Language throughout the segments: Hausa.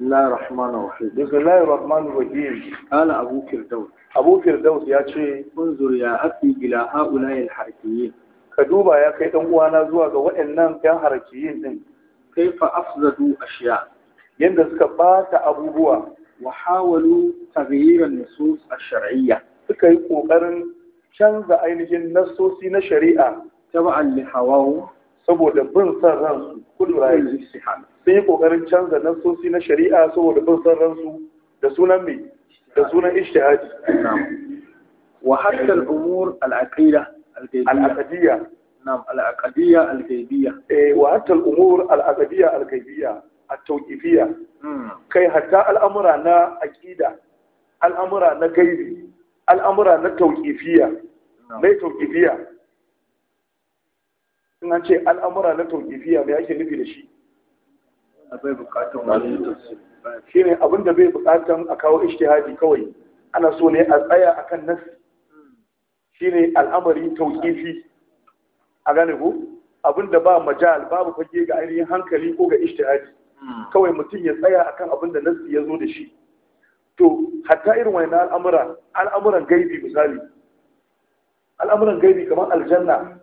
Ni na rahma ya ce. Mun zurya asibila a ulaya ya kai ɗan'uwana zuwa ga waɗannan fyaɗe ɗin. Ka faɗa a shi suka ɓata abubuwa. Waxa wani tabirin nisos a sharciya. ƙoƙarin canza ainihin nasosi na shari'a. Ta ba Saboda bin san ransu so, ku lura yin sun yi ƙoƙarin canza nassosi na shari'a saboda bin san ransu da sunan mai da sunan ishtihadi wa hatta al-umur al-aqida al-aqidiyya na'am al-aqidiyya al-ghaybiyya eh wa hatta al-umur al-aqidiyya al-ghaybiyya at-tawqifiyya hmm. kai hatta al'amura na aqida al'amura na gaibi al'amura na tawqifiyya mai tawqifiyya in an ce al'amura na tawqifiyya me ake nufi da shi akwai bukatan wani shine abin da bai bukatan a kawo ishtihadi kawai ana so ne a tsaya a akan Shi shine al'amari tauƙifi a gane ku abin da ba majal babu fage ga ainihin hankali ko ga ishtihadi hmm. kawai mutum ya tsaya akan abin da nasi ya zo da shi to hatta irin wani al'amura al'amuran gaibi misali al'amuran gaibi kamar aljanna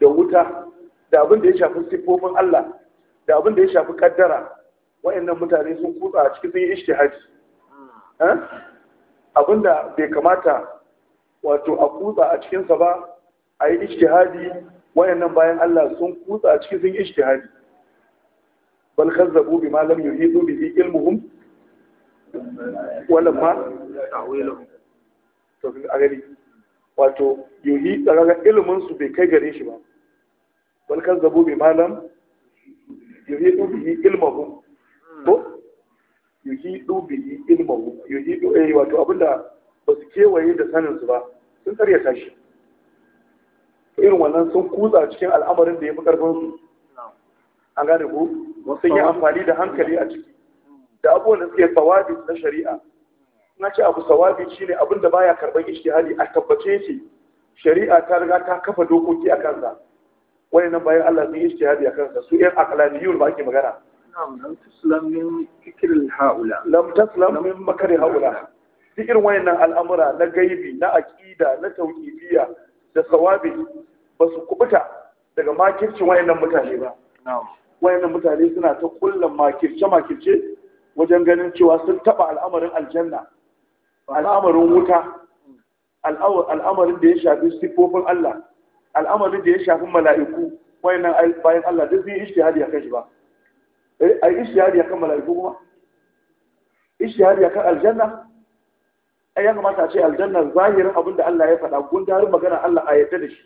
da wuta da abin da ya shafi siffofin Allah da abin da ya shafi kaddara wa'annan mutane sun kutsa a cikin sun yi ishtihadi hmm. eh? abin da bai kamata wato a kutsa a cikinsa ba a yi ishtihadi wa'annan bayan Allah sun kutsa a cikin sun yi ishtihadi bal kazzabu bima lam yuhidu bi ilmuhum wala ma ta'wiluhum to a gari wato yuhi daga ilmin su bai kai gare shi ba bal kazzabu bima lam yuhidu bihi ilmahu ko yuhidu bihi ilmahu yuhidu eh wato abinda ba su kewaye da sanin su ba sun karyata shi irin wannan sun kutsa cikin al'amarin da ya fi karfin su an gane ku sun yi amfani da hankali a ciki da abubuwan da suke sawabi na shari'a na ce abu sawabi shine abin da baya karban ijtihadi a tabbace shi shari'a ta riga ta kafa dokoki a kansa nan bayan Allah sun yi ijtihadi akan sa su yan aqlaniyun ba ake magana na'am lam taslam min fikril haula lam taslam min irin wayannan al'amura na gaibi na aqida na tauqifiyya da sawabi ba su kubuta daga makircin wayannan mutane ba na'am wayannan mutane suna ta kullum makirce makirce wajen ganin cewa sun taba al'amarin aljanna al'amarin wuta al'amarin da ya shafi sifofin Allah al'amarin da ya shafi mala'iku nan bayan Allah duk zai ishtihadi kan shi ba eh, ai ishtihadi kan mala'iku kuma ishtihadi kan aljanna ai ya kamata a ce aljanna zahirin abin da Allah ya faɗa gundarin magana Allah a yadda da shi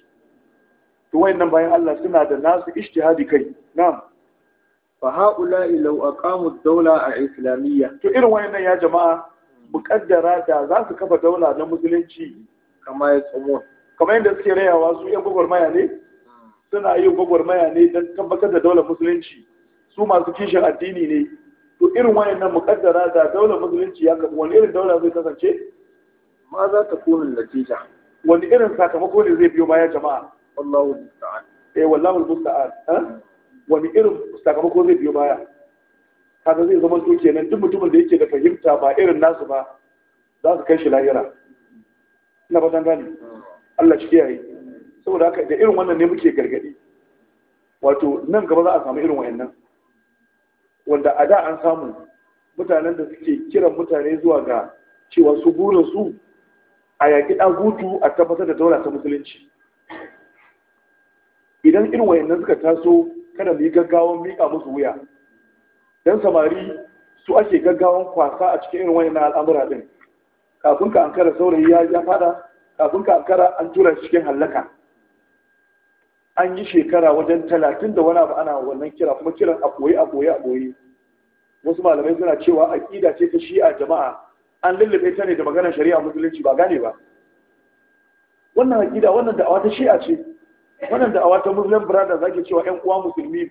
to nan bayan Allah suna da nasu ishtihadi kai na'am fa haula'i law aqamu ad-dawla al-islamiyya to irin wani nan ya jama'a muƙaddara da za su kafa daula na musulunci kamar ya tsumo kamar yadda suke rayawa su yan gwagwarmaya ne suna yin gwagwarmaya ne don tabbatar da daular musulunci su masu kishin addini ne to irin wayannan mukaddara da daular musulunci ya kafa wani irin daula zai kasance ma za ta kone natija wani irin sakamako ne zai biyo baya jama'a wallahu musta'an eh wallahu musta'an wani irin sakamako zai biyo baya kaga zai zama to kenan duk mutumin da yake da fahimta ba irin nasu ba za su kai shi lahira ina ba gani hmm. Allah shi kiyaye saboda haka da irin wannan ne muke gargadi wato nan gaba za a samu irin wayannan wanda a da an samu mutanen da suke kiran mutane zuwa ga cewa su burin su a yaƙi ɗagutu a tabbatar da daula ta musulunci idan irin wayannan suka taso kada mu yi gaggawan miƙa musu wuya dan samari su ake gaggawan kwasa a cikin irin wayannan al'amura din kafin ka ankara saurayi ya ya fada kafin kankara an tura shi cikin hallaka an yi shekara wajen talatin da wani abu ana wannan kira kuma kiran a koyi a koyi a koyi wasu malamai suna cewa aƙida ce ta shi'a jama'a an lullube ta ne da maganar shari'a musulunci ba gane ba wannan aƙida wannan da'awa ta shi'a ce wannan da'awa ta muslim za ke cewa ƴan uwa musulmi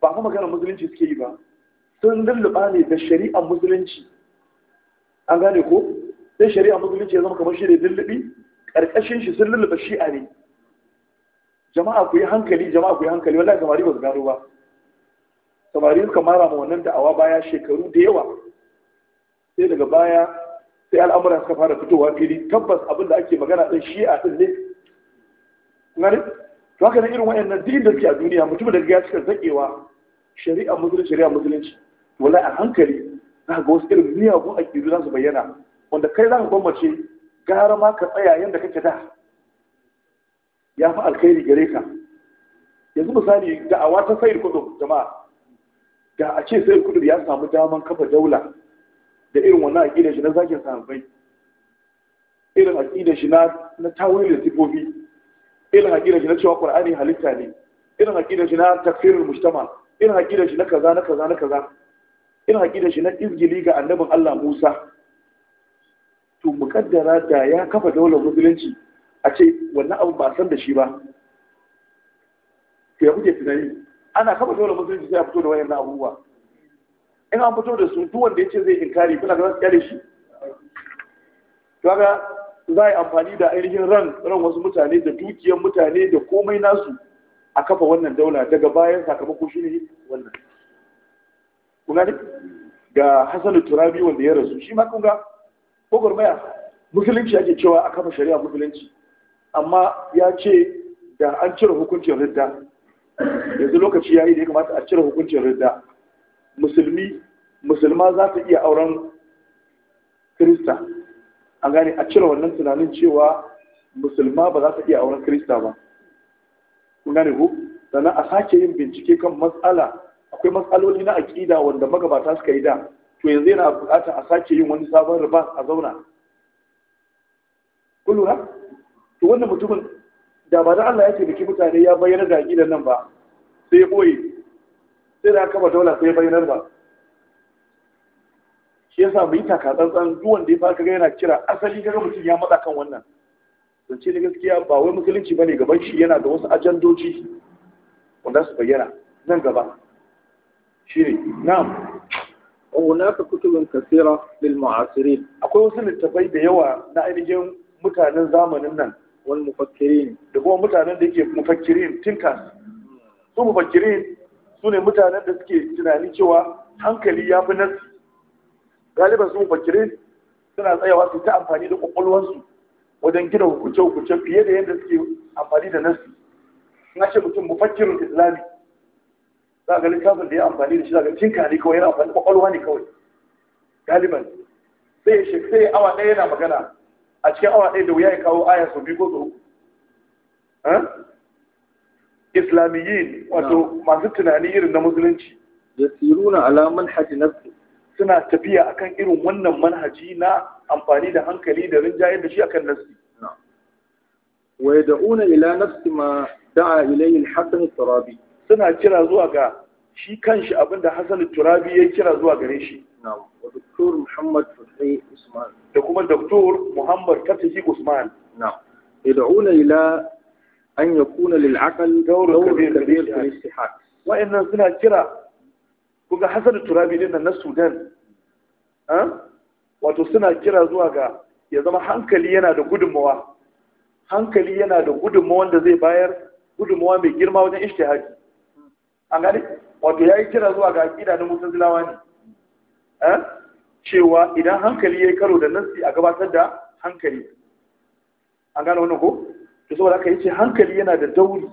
ba kuma maganar musulunci suke yi ba sun lulluba ne da shari'ar musulunci an gane ko sai shari'ar musulunci ya zama kamar shi ne lullubi karkashin shi sun lulluɓe shi'a ne jama'a ku yi hankali jama'a ku yi hankali wallahi samari ba su gano ba samari suka mara ma wannan awa baya shekaru da yawa sai daga baya sai al'amuran suka fara fitowa fili tabbas abin da ake magana ɗin shi'a ɗin ne ngani to haka ne irin wayannan dinin da ke a duniya mutum da ya cika zakewa shari'a musulunci shari'a musulunci wallahi a hankali za ga wasu irin miyagun aƙidu za su bayyana wanda kai za ka gwammace gara ma ka tsaya yadda kake da ya fi alkhairi gare ka yanzu misali da awa ta sayar kudu jama'a da a ce sayar kudu ya samu daman kafa daula da irin wannan aƙidar shi na zagin sahabbai irin aƙidar shi na tawilin sifofi irin aƙidar shi na cewa ƙur'ani halitta ne irin aƙidar shi na tafsirin mujtama irin aƙidar shi na kaza na kaza na kaza irin aƙidar shi na izgili ga annabin Allah Musa to mukaddara da ya kafa daular musulunci a ce wannan abu ba san da shi ba to ya kuke tunani ana kafa daular musulunci sai a fito da wayan abubuwa in an fito da su duk wanda ya ce zai inkari kuna ga tsare shi to ga za a yi amfani da ainihin ran ran wasu mutane da dukiyar mutane da komai nasu a kafa wannan daula daga bayan sakamako shi ne wannan ne ga Hassan Turabi wanda ya rasu shi ma kun ga maya, musulunci ake cewa a kafa shari'a musulunci amma ya ce da an cire hukuncin ridda yanzu lokaci ya yi da ya kamata a cire hukuncin ridda musulmi musulma za ta iya auren kirista an gane a cire wannan tunanin cewa musulma ba za ta iya auren krista ba kun gane ku sannan a sake yin bincike kan matsala akwai matsaloli na aƙida wanda magabata suka yi da to yanzu yana bukata a sake yin wani sabon riba a zauna kun lura to wannan mutumin da ba dan Allah ya taimaki mutane ya bayyana da gidan nan ba sai ya ɓoye sai da aka ba daula sai ya bayyanar ba shi yasa mu yi taka tsantsan duk wanda ya fara yana kira asali kaga mutum ya matsa kan wannan ce ne gaskiya ba wai musulunci bane gaban shi yana da wasu ajandoji wanda su bayyana nan gaba ne na'am وهناك كتب كثيرة للمعاصرين أقول وصل التفاي بيوا نائل جيم متانا زامننا والمفكرين دقوا متانا ديكي مفكرين تنكاس su mufakirin su ne mutanen da suke tunanin cewa hankali ya fi nasi galiban su mufakirin suna tsayawa su ta amfani da kwakwalwansu wajen gina hukunce-hukunce fiye da yadda suke amfani da nasi na ce mutum mufakirin islami za ga littafin da ya amfani da shi daga cinka ne kawai yana amfani da kwakwalwa ne kawai galiban sai ya sai awa ɗaya yana magana a cikin awa ɗaya da wuya ya kawo aya sau biyu ko sau islamiyyin wato masu tunani irin na musulunci yasiruna ala manhaji nafsi suna tafiya akan irin wannan manhaji na amfani da hankali da rinjaye da shi akan Wai wa yad'una ila nafsi ma da'a ilayhi al-hasan al suna kira zuwa ga shi kanshi abinda Hassan Turabi ya kira zuwa gare shi Dr. Muhammad Fatih Usman da kuma Dr. Muhammad Katsiki Usman na'am yad'una ila an yakuna lil aql dawrun kabir fil istihat wa suna kira kuga Hassan Turabi din na Sudan wato suna kira zuwa ga ya zama hankali yana da gudunmawa hankali yana da gudunmawa wanda zai bayar gudunmawa mai girma wajen ishtihadi an gani wato ya yi kira zuwa ga aƙida na zilawa ne eh? cewa idan hankali ya yi karo da nassi a gabatar da hankali an gane wannan ko to saboda yi ce hankali yana da dauri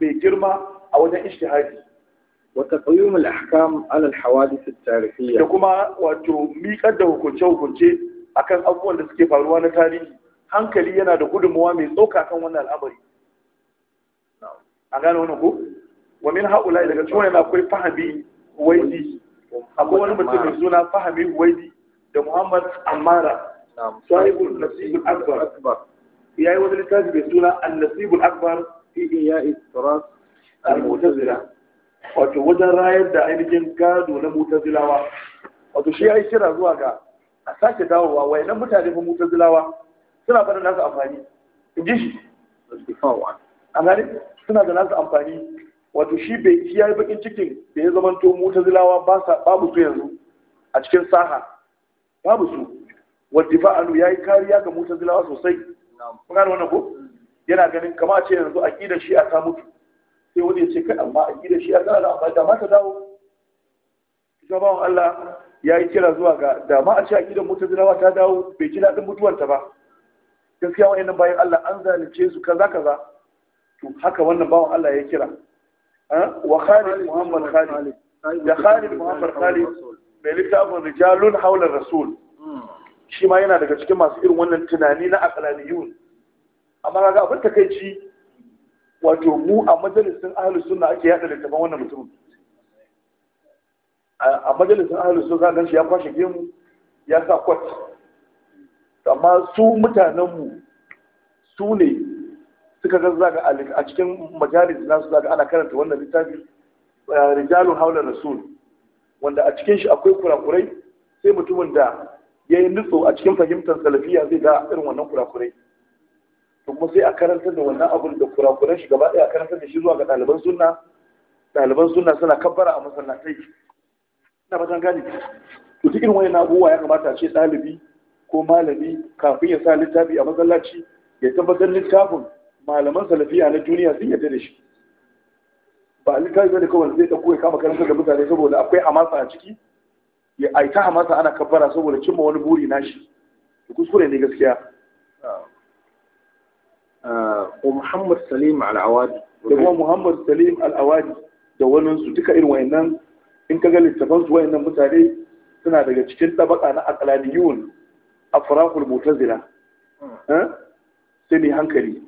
mai girma a wajen ijtihadi wa taqyim al-ahkam ala al-hawadith at-tarihiyya da kuma wato miƙar da hukunce hukunce akan abubuwan da suke faruwa na tarihi hankali yana da gudunmawa mai tsoka kan wannan al'amari an gane wannan ko wa min haula daga cikin wannan akwai fahami waidi akwai wani mutum mai suna fahami waidi da Muhammad Amara sahibul nasibul akbar yi wani littafi mai suna an-nasibul akbar fi iya'i turas al-mu'tazila wato wajen rayar da ainihin gado na mutazilawa wato shi ya yi shira zuwa ga a sake dawowa wai wayannan mutane fa mutazilawa suna bada nasu amfani in ji shi a gani suna da nasu amfani wato shi bai shi bakin cikin da ya zama to mota ba babu su yanzu a cikin saha babu su wadda ya yi kariya ga mota mutazilawa sosai kun gane wannan ko yana ganin kama a ce yanzu a aqidar shi a ta mutu sai wani ya ce kai amma a aqidar shi a ta da amma da ma ta dawo shugaban Allah ya yi kira zuwa ga da ma a ce a mota mutazilawa ta dawo bai ji daɗin mutuwanta ba gaskiya wa'annan bayan Allah an zalunce su kaza kaza to haka wannan bawan Allah ya kira wa khalid muhammad khalid da khalid muhammad khalid mai littafin rijalun haular rasul shi ma yana daga cikin masu irin wannan tunani na akalaniyun amma kaga abin takaici wato mu a majalisin ahlus sunna ake yada littafin wannan mutum a majalisin ahlus sunna kan shi ya kwashe gemu ya sa kwat amma su mutanenmu su ne suka ga zaga a cikin majalis nasu zaga ana karanta wannan littafi eh, rijalu haula rasul wanda a cikin shi akwai kurakurai sai mutumin da ya yi nutso a cikin fahimtar salafiya zai ga irin wannan kurakurai to kuma sai a karantar da wannan abun da kurakuran shi gaba ɗaya a karantar da shi zuwa ga ɗaliban sunna ɗaliban sunna suna kabbara a masallatai ina zan gane to cikin wani abubuwa ya kamata a ce ɗalibi ko malami kafin ya sa littafi a masallaci ya tabbatar littafin malaman salafiya na duniya sun yarda da shi ba a zai da kawai zai ɗauko ya kama karanta da mutane saboda akwai hamasa a ciki ya aita hamasa ana kabbara saboda cimma wani buri na shi kuskure ne gaskiya ah, ah, A muhammad salim al'awadi da kuma muhammad salim al'awadi da wani su duka irin wayannan in ka ga littafan su wayannan mutane suna daga cikin tabaka na aqlaniyun afraqul mu'tazila hmm. eh sai ne hankali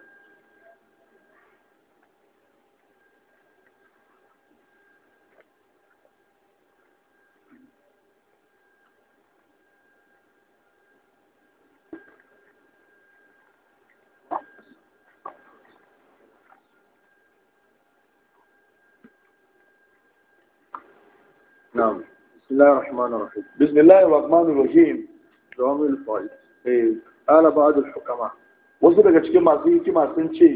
الله الرحمن الرحيم wasu daga cikin masu sun ce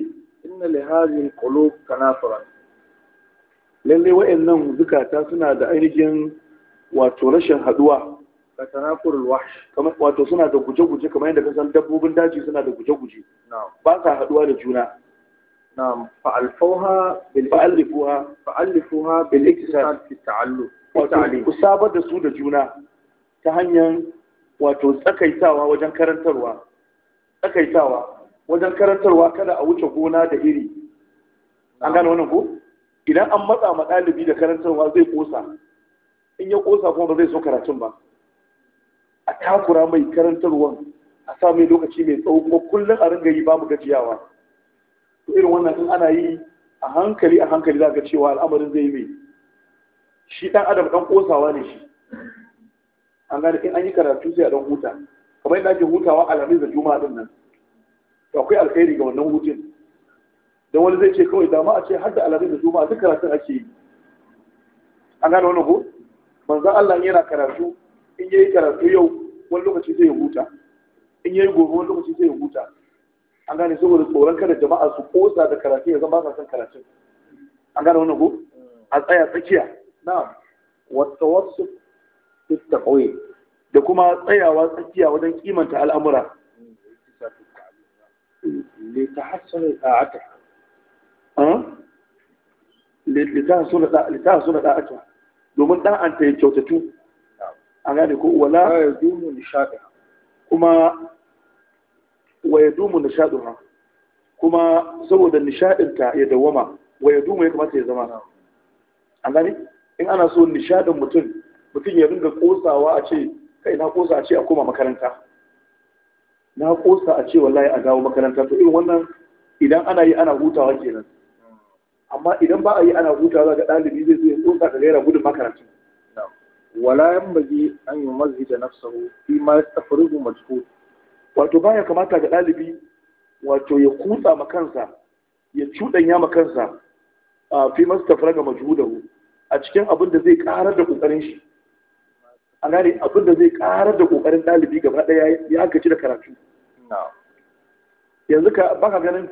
inna li hadhihi qulub kanafara lalle wa'annan zukata suna da ainihin da guje-guje kamar dabbobin daji suna da haɗuwa da juna na'am fa alfuha bil fa'alifuha fa'alifuha bil ku sabar da su da juna ta hanyar wato tsakaitawa wajen karantarwa tsakaitawa wajen karantarwa kada a wuce gona da iri an gane wannan ko idan an matsa ma ɗalibi da karantarwa zai kosa in ya kosa kuma ba zai so karatun ba a takura mai karantarwa a sa lokaci mai tsawo kuma kullum a ringa yi babu gajiyawa irin wannan in ana yi a hankali a hankali za ga cewa al'amarin zai yi mai shi ɗan adam ɗan ƙosawa ne shi an gane in an yi karatu sai a ɗan huta kamar yadda ake hutawa alamis da juma'a ɗin nan to akwai alkhairi ga wannan hutun don wani zai ce kawai dama a ce har da alamis da juma'a duk karatun ake yi an gane wannan ko manzan Allah yana karatu in yayi karatu yau wani lokaci zai huta in yayi gobe wani lokaci zai huta an gane saboda tsoron kada jama'a su ƙosa da karatu ya zama ba sa son karatun an gane wannan ko a tsaya tsakiya na wata wasu ita ƙauye da kuma tsayawa tsakiya wajen kimanta al'amura suna ɗa’ata domin da'anta ya kyautatu a gane ko wala ya dumu nishaɗa kuma wa ya dumu ha kuma saboda nishaɗinta ya dawama wa ya dumu ya kamata ya zama a gane in ana so nishadin mutum mutum ya ringa kosawa a ce kai na kosa a ce a koma makaranta na kosa a ce wallahi a dawo makaranta to irin wannan idan ana yi ana hutawa kenan amma idan ba a yi ana hutawa ga ɗalibi zai zo ya kosa ka gaira gudun makaranta wala yan baji an yi mazi da nafsahu fi ma yastafrihu majhul wato baya kamata ga ɗalibi wato ya kutsa ma kansa ya cuɗanya ma kansa a fi mastafraga majhudahu a cikin abin da zai karar da kokarin shi a gane abin da zai karar da kokarin ɗalibi gaba ɗaya ya gaji da karatu yanzu ka baka ganin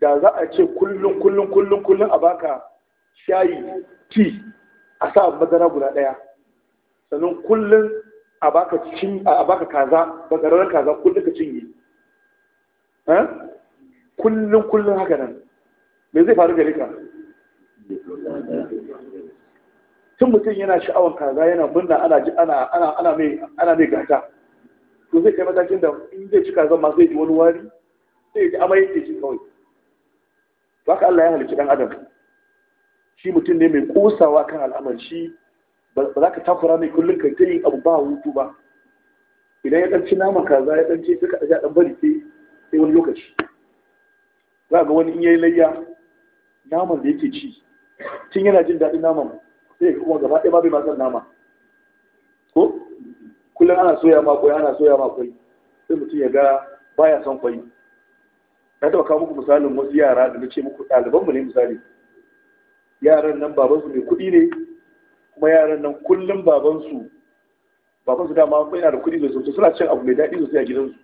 da za a ce kullum kullum kullum kullum a baka shayi ti a sa madara guda ɗaya sannan kullum a baka cin a baka kaza kaza kullum ka cinye eh? kullum kullum haka nan me zai faru gare ka tun mutum yana sha'awar kaza yana murna ana ana mai gata to zai kai matakin da in zai ci kaza ma zai ji wani wari sai ji amai yake ji kawai to haka Allah ya halicci dan adam shi mutum ne mai kosawa kan al'amari shi ba za ka takura mai kullum kai ta yin abu ba hutu ba idan ya ɗanci naman kaza ya ɗanci duka a ɗan bari sai wani lokaci za ga wani in yayi layya naman da yake ci tun yana jin daɗin naman sai kuma gaba ɗaya ba bai ma san nama ko kullum ana soya ma kwai ana soya ma kwai sai mutum ya ga baya son kwai na taɓa kawo muku misalin wasu yara da nace muku ɗaliban mu ne misali yaran nan babansu mai kuɗi ne kuma yaran nan kullum babansu babansu dama kuma yana da kuɗi sosai suna cin abu mai daɗi sosai a gidansu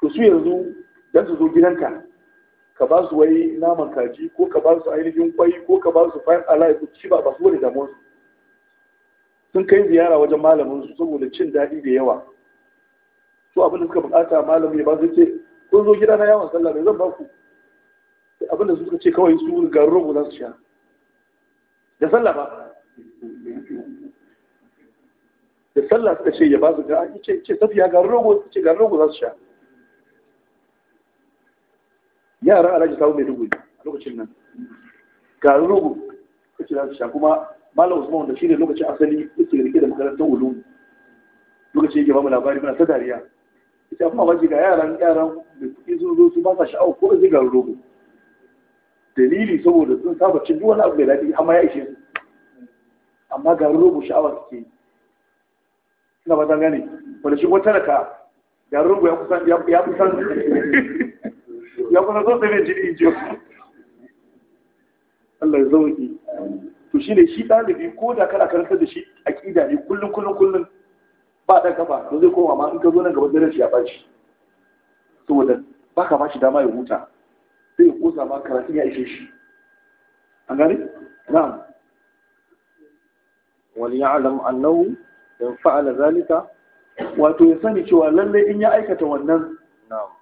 to su yanzu dan su zo gidanka ka ba su wai naman kaji ko ka ba su ainihin kwai ko ka ba su fayin alayi ko ci ba ba su wani damuwar su sun kai ziyara wajen malamin su saboda cin daɗi da yawa su abin da suka bukata malamin ya ba su ce kun zo gidana yawon sallah mai zan ba ku abinda da suka ce kawai su garin rogo za su sha da sallah ba da sallah suka ce ya ba su ga ce safiya garin rogo ce garin rogo za su sha yaran alhaji kawo mai dubu a lokacin nan ga rugu kace za su sha kuma malam usman da ne lokacin asali yake rike da makarantar ulum lokacin yake ba mu labari muna ta dariya ita kuma waje ga yaran yaran da suke sun zo su ba sa sha'awa ko zai ga rubu dalili saboda sun saba cin duk wani abu mai daɗi amma ya ishe su amma ga rubu sha'awa suke yi ina ba ta gane wanda shi wata raka ga rubu ya kusan ya ya kusa zo sai jini jiyo Allah ya zauki to shi ne, shi ɗalibi ko da kana karanta da shi aƙida ne kullum kullum kullum ba ɗan gaba to zai koma ma in ka zo nan gaba daren ya bashi saboda ba ka bashi dama ya huta sai ya kosa ma karatun ya ishe shi an gani na'am ya ya'lam annahu in fa'ala zalika wato ya sani cewa lallai in ya aikata wannan na'am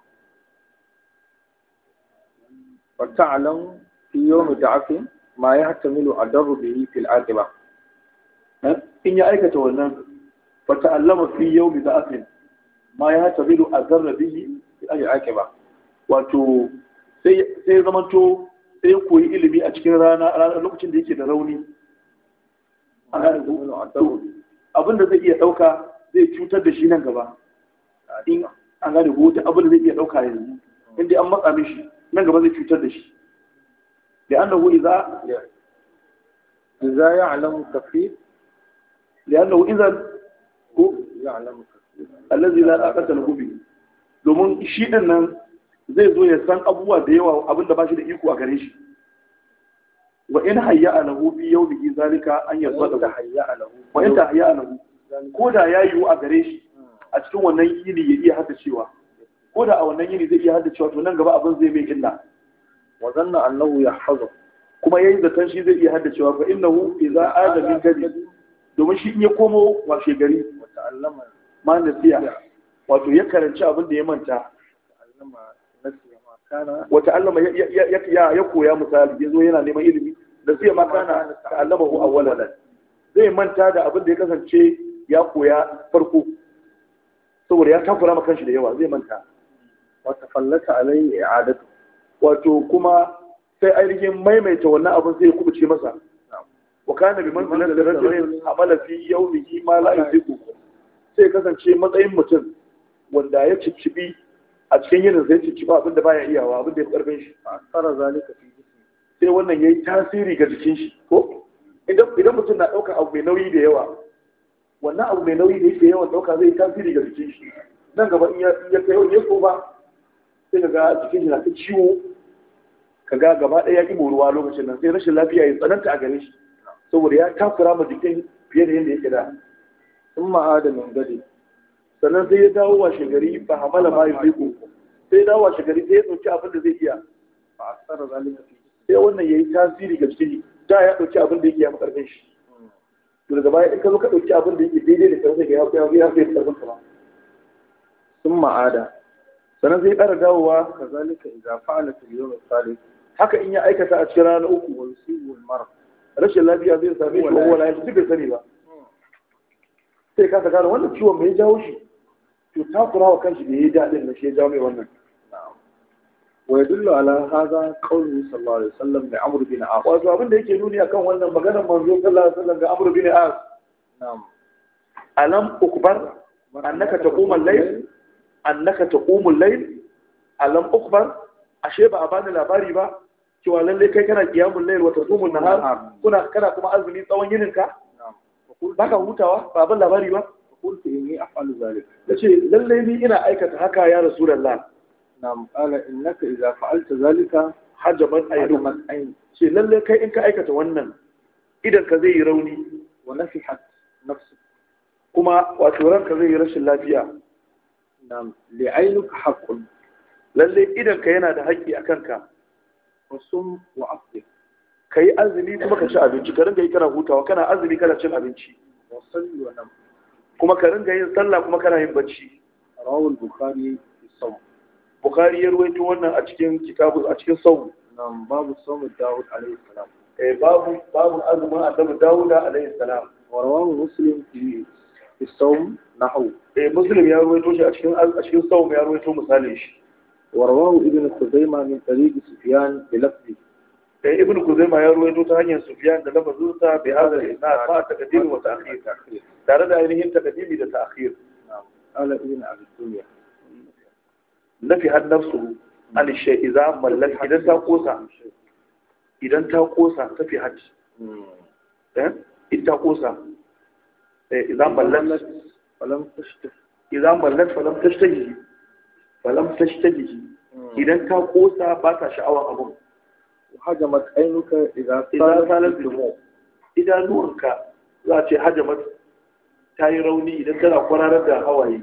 fata'alam في يوم da'afin ma ya hatamilu به في العاقبة إن in ya aikata wannan يوم fi ما يحتمل ma ya في العاقبة وتو wato sai zamanto sai koyi ilimi a cikin rana lokacin da yake da rauni a ranar abin da zai iya ɗauka zai cutar da shi nan gaba in an gane abin da zai iya ɗauka yanzu inda an matsa mishi nan gaba zai cutar da shi لأنه إذا إذا يعلم كثير لأنه إذا هو يعلم كثير الذي لا علاقة له به domin shi ɗin nan zai zo ya san abubuwa da yawa abin da ba shi da iko a gare shi wa in hayya a lahu bi yau bihi zalika an yarda da wa in ta hayya a lahu ko da ya yiwu a gare shi a cikin wannan yini ya iya haka cewa ko da a wannan yini zai iya haddace wato to nan gaba abin zai mai illa wa zanna annahu yahfazu kuma yayi zaton shi zai iya haddace cewa fa innahu idza aza min gari. domin shi in ya komo washe gari wa ta'allama ma nasiya wato ya karanci abin da ya manta wa allama ya koya misali ya zo yana neman ilimi da zai makana ta allama awwalan zai manta da abin da ya kasance ya koya farko saboda ya takura ma kanshi da yawa zai manta wata fallata ya i'adatu wato kuma sai ainihin maimaita wannan abin sai ya kubuce masa wa kana bi manzilan da rajulin amala fi yawmihi ma la yuziku sai kasance matsayin mutum wanda ya ciccibi a cikin yinin sai cicciba abin da baya iyawa abin da ya karfin shi tsara zalika fi sai wannan yayi tasiri ga jikin shi ko idan mutum na ɗaukar abu mai nauyi da yawa wannan abu mai nauyi da yake yawan ɗauka zai tasiri ga jikin shi nan gaba in ya kai yau ba sai ga jikin shi na ta ciwo ka ga gaba ɗaya ya ƙi moruwa lokacin nan sai rashin lafiya ya tsananta a gare shi saboda ya takura ma jikin fiye da yadda yake da sun ma'ada min gade sannan sai ya dawo washe gari ba hamala ma ya ko sai ya dawo washe gari sai ya ɗauki abin da zai iya ba a tsara zalunci sai wannan ya yi tasiri ga jiki da ya ɗauki abin da yake ya makarfin shi hmm. to da gaba in ka zo ka ɗauki abin da yake daidai da karfin ya ya ya ya karfin ka ba sun ma'ada sannan zai ƙara dawowa kazalika idza fa'ala ta yawm salih haka in ya aikata a cikin rana uku wa yusibu al mar rashin lafiya zai same wani wani ya duk da sani ba sai ka ta gane wannan ciwon mai jawo shi to takura wa kanshi da yi dadin da shi ya jawo mai wannan wa yadullu ala hadha qawlu sallallahu alaihi wasallam li amr bin as wato abin da yake nuni akan wannan maganar manzo sallallahu alaihi wasallam ga amr bin as na'am alam ukbar annaka taquma al-layl annaka taqumul layl alam ukhbar ashe ba a bani labari ba cewa lalle kai kana qiyamul layl wa tasumun nahar kuna kana kuma azumi tsawon yinin ka baka hutawa ba ban labari ba qultu inni af'alu zalik nace lalle ni ina aikata haka ya rasulullah na'am qala innaka idza fa'alta zalika hajabat aynuka ce lalle kai in ka aikata wannan idan ka zai yi rauni wa nasihat nafsu kuma wato ranka zai yi rashin lafiya nam li'ainuka haqqun lalle idan yana da haƙƙi a kanka wasum wa afdi ka yi azumi kuma ka ci abinci ka ringa yi kana hutawa kana azumi kana cin abinci wasalli wa nam kuma ka ringa yin sallah kuma kana yin bacci rawul bukhari sau bukhari ya ruwaito wannan a cikin kitabu a cikin sau nam babu sau dawud alaihi salam eh babu babu azumin annabi dawud alaihi salam wa rawahu muslim fi fi saum eh, ya ruwaito shi a cikin a cikin saum ya ruwaito misalin shi warwahu ibn khuzaima min tariq sufyan bi lafzi eh ibn khuzaima ya ruwaito ta hanyar sufyan da lafazin sa bi hadha isnad fa taqdim wa ta'khir tare da ainihin taqdimi da ta'khir ala ibn abi dunya nafi had nafsuhu idan ta kosa ta kosa hajji hmm. eh? Eh, idan ballat falon tashtahi idan ballat falam hmm. idan ka kosa ba ta sha'awan abun hajamat ainuka idan salat idanuwanka za a ce hajamat ta yi rauni idan tana kwararar da hawaye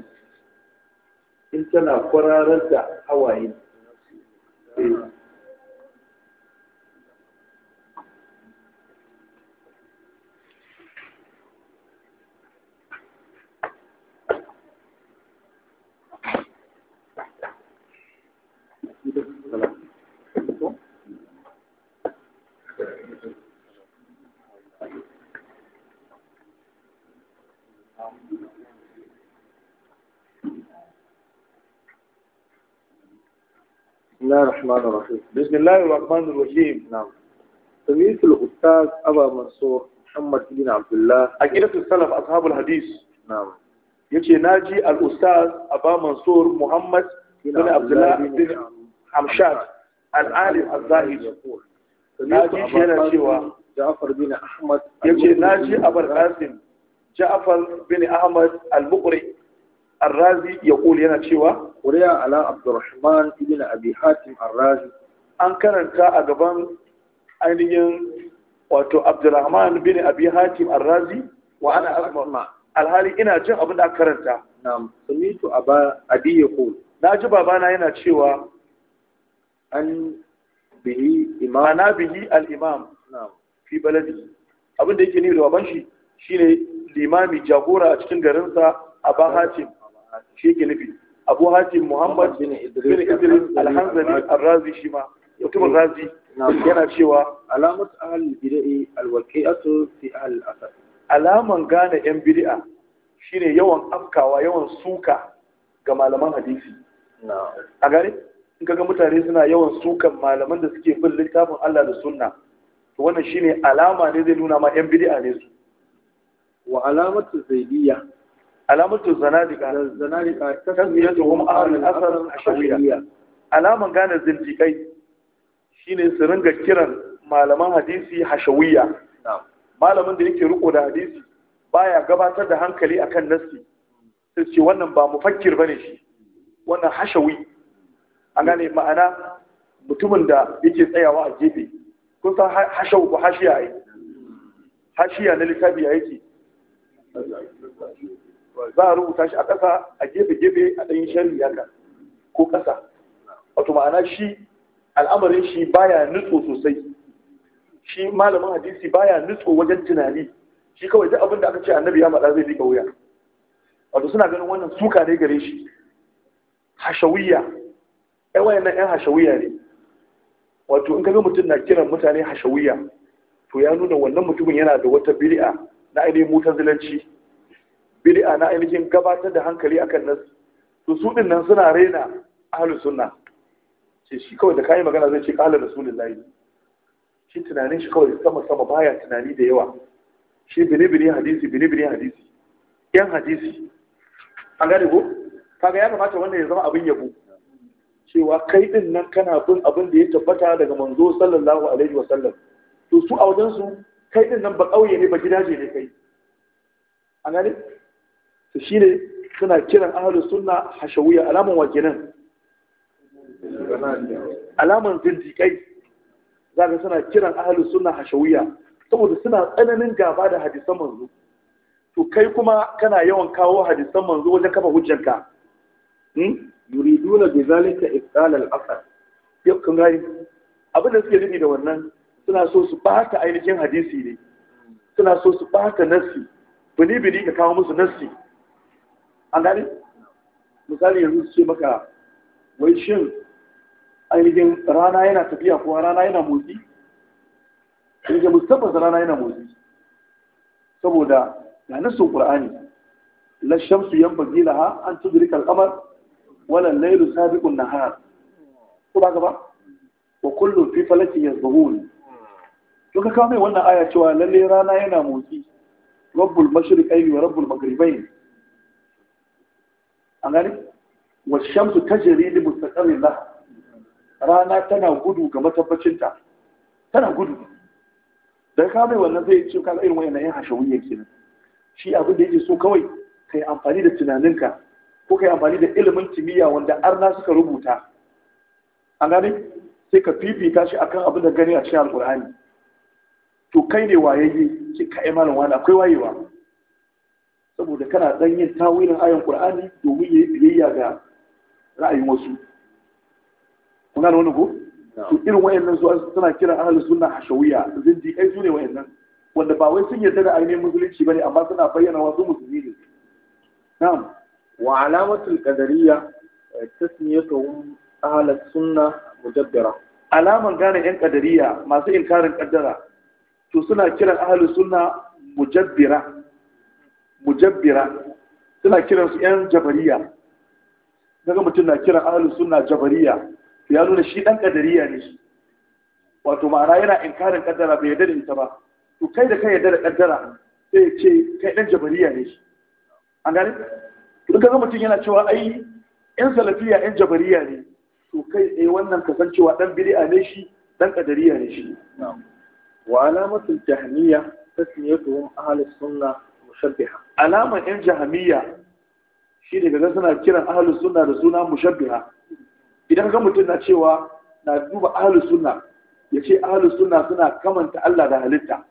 in tana kwararar da hawaye بسم الله الرحمن الرحيم بسم الله الرحمن الرحيم نعم سميت الأستاذ أبا منصور محمد بن عبد الله عقيدة السلف أصحاب الحديث نعم يجي ناجي الأستاذ أبا منصور محمد بن عبد الله بن حمشاد العالم الزاهد ناجي شينا شيوا جعفر بن أحمد يجي ناجي أبا القاسم جعفر بن أحمد المقرئ الرازي يقول هنا شوى وريا على عبد الرحمن ابن أبي حاتم الرازي أن كان كا أجبان أنين واتو عبد الرحمن بن أبي حاتم الرازي وأنا أسمع الحالي إنا جن أبن أكرنتا نعم سميت أبا أبي يقول ناجب أبانا هنا شوى أن به إمام أنا به الإمام نعم في بلدي أبن ديكي نيرو أبنشي shine limami jagora a cikin garinsa a bahatim shi ke nufi abu hajji muhammad bin idris alhanzali arrazi shi ma mutumin razi yana cewa alamat ahal bid'i alwaqi'atu fi al asad alaman gane yan bid'a shine yawan afkawa yawan suka ga malaman hadisi a gare in kaga mutane suna yawan sukan malaman da suke bin littafin Allah da sunna to wannan shine alama ne zai nuna ma yan bid'a ne su wa alamatu zaidiyya alamatu zanadika zanadika tasmiyatuhum ahlul asar ashawiyya alaman gane zindikai shine su ringa kiran malaman hadisi hashawiyya malamin da yake riko da hadisi baya gabatar da hankali akan naski, sai ce wannan ba mufakkir bane shi wannan hashawi an gane ma'ana mutumin da yake tsayawa a gefe kun san hashau ko hashiya ai hashiya na littafi yake za a rubuta shi a ƙasa a gefe-gefe a ɗan shari'a haka ko ƙasa wato ma'ana shi al'amarin shi baya nutso sosai shi malamin hadisi baya nutso wajen tunani shi kawai duk abin da aka ce annabi ya maɗa zai rika wuya wato suna ganin wannan suka ne gare shi hashawiya ai wayannan ƴan hashawiya ne wato in ka ga mutum na kiran mutane hashawiya to ya nuna wannan mutumin yana da wata biri'a na ainihin mutan zilanci. bid'a na ainihin gabatar da hankali akan nas to su din nan suna rena ahlu sunna ce shi kawai da kai magana zai ce qala rasulullahi shi tunanin shi kawai sama sama baya tunani da yawa shi bini-bini hadisi bini-bini hadisi yan hadisi an gane ko kaga ya kamata wannan ya zama abin yabo cewa kai din nan kana bin abin da ya tabbata daga manzo sallallahu alaihi wa sallam to su a wajen su kai din nan ba kauye ne ba gidaje ne kai an gane shi ne suna kiran ahalus suna hashawiyya alaman wake nan alaman zindiƙai za ka suna kiran ahalus suna hashawiyya saboda suna tsananin gaba da hadisan manzo to kai kuma kana yawan kawo hadisan manzo wajen kafa hujjanka hmm? yuriduna bi zalika ibtal al asar yau kun abin da suke nufi da wannan suna so su baka ainihin hadisi ne suna so su baka nassi bini bini ka kawo musu nassi an gane misali yanzu su ce maka wai shin ainihin rana yana tafiya ko rana yana motsi eh, ainihin da rana yana motsi saboda ga nasin qur'ani la shamsu yanbaghi laha an tudrika al-qamar wala al-laylu sabiqu an-nahar ko ba ba wa kullu fi falakin yasbahun to ka kawo mai wannan aya cewa lalle rana yana motsi rabbul mashriqaini wa rabbul maghribaini an gani ta jere li mustaqarrin laha rana tana gudu ga matabbacinta tana gudu da ka bai wannan zai ce ka irin wayannan hashe hashawiyya kenan shi abin da yake so kawai kai amfani da tunaninka ko kai amfani da ilimin kimiyya wanda arna suka rubuta an gani sai ka fifita shi akan abin da gani a cikin alkur'ani to kai ne wayayye ki kai malam wani akwai wayewa saboda kana dan yin tawilin ayan qur'ani domin yayi biyayya ga ra'ayin wasu kun ga wannan ko to irin wayannan su suna kira ahlus sunna hashawiyya ji su ne wayannan wanda ba wai sun yarda da ainihin musulunci bane amma suna bayyana wasu musulmi ne na'am wa alamatul qadariyya eh, tasmiyatuhum ahlus sunna mujaddara alaman gane yan qadariyya masu inkarin qaddara to suna kiran ahlus sunna mujaddara mujabbira suna kiransu yan jabariya daga mutum na kiran ahlus sunna jabariya ya nuna shi dan kadariya ne shi wato ma'ana yana inkarin kaddara bai yarda da ita ba to kai da kai yarda da kaddara sai ya ce kai dan jabariya ne shi an gane to kaga mutum yana cewa ai yan salafiya yan jabariya ne to kai eh wannan kasancewa dan bid'a ne shi dan kadariya ne shi wa alamatul jahmiya tasmiyatuhum ahlus sunnah mushabbiha alaman yan jahamiyya shi daga ga suna kiran ahlus sunna da suna mushabbiha idan ga mutum na cewa na duba ahlus sunna ya ce ahlus sunna suna kamanta Allah da halitta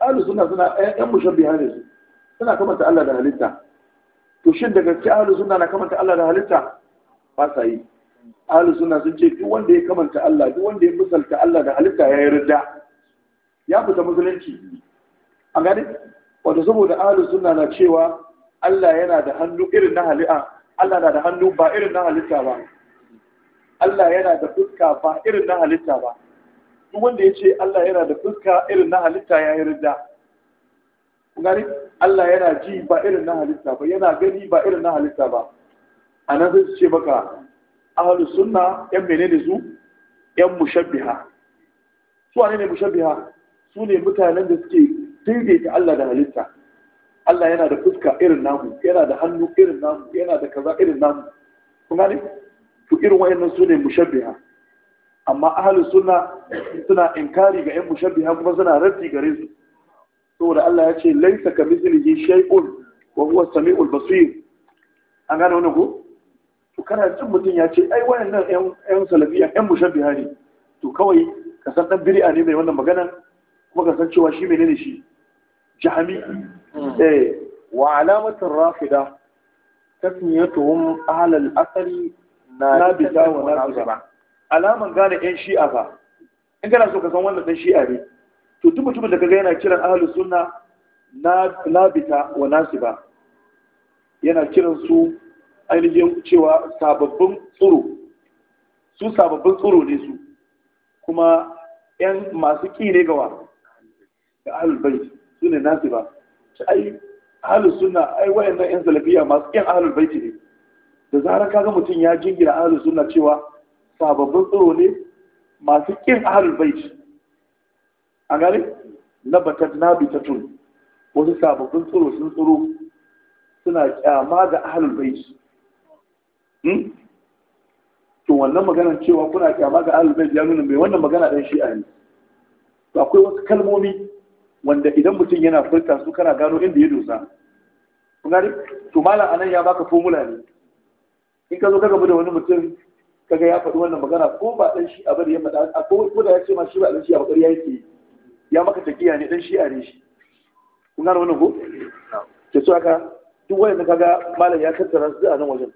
ahlus sunna suna yan mushabbiha ne su suna kamanta Allah da halitta to shin daga gaske ahlus sunna na kamanta Allah da halitta ba sa yi ahlus sunna sun ce duk wanda ya kamanta Allah duk wanda ya misalta Allah da halitta ya yi ridda ya fita musulunci a gani wato saboda ahlus sunna na cewa Allah yana da hannu irin na hali'a Allah na da hannu ba irin na halitta ba Allah yana da fuska ba irin na halitta ba duk wanda ya ce Allah yana da fuska irin na halitta ya yi ridda gani Allah yana ji ba irin na halitta ba yana gani ba irin na halitta ba a nan sai su ce maka ahlus sunna yan menene su yan mushabbiha su ne mushabbiha su ne mutanen da suke daidaita Allah da halitta Allah yana da fuska irin namu yana da hannu irin namu yana da kaza irin namu kun gane to irin wayannan su ne mushabbiha amma ahlus sunna suna inkari ga yan mushabbiha kuma suna raddi gare su saboda Allah ya ce laisa mislihi shay'un wa huwa samiul basir an gane wannan ko to kana jin mutum ya ce ai wayannan yan yan salafiya yan mushabbiha ne to kawai ka san dan bir'a ne mai wannan magana kuma ka san cewa shi menene shi jami hmm. eh wa alamatin rafida tasmiyatuhum ahlal asari na bisa wa na bisa alaman gane yan shi'a fa in kana so ka san wannan dan shi'a ne to duk mutumin da kaga yana kiran ahlus sunna na nabita wa nasiba yana kiran su ainihin cewa sababbin tsoro su sababbin tsoro ne su kuma yan masu ki ne gawa ga ahlul bait su ne nasi ba shi ai ahalus sunna ai nan yan salafiya masu yan ahalul baiti ne da zarar kaga mutum ya jingira ahalus sunna cewa sababbin tsoro ne masu kin ahalul baiti gari gane labatat na bitatun wasu sababbin tsoro sun tsoro suna kyama da ahalul baiti hmm? to wannan maganar cewa kuna kyama ga ahalul baiti ya nuna mai wannan magana ɗan shi'a ne akwai wasu kalmomi wanda idan mutum yana furta su kana gano inda ya dosa kun to malam anan ya baka formula ne in ka zo ka gaba da wani mutum kaga ya faɗi wannan magana ko ba dan shi a bari ya faɗa a ko ko da ya ce ma shi ba dan shi a bakari yake ya maka takiya ne dan shi a ne shi kun gane wannan ko ke so aka duk da kaga malam ya tattara su a nan wajen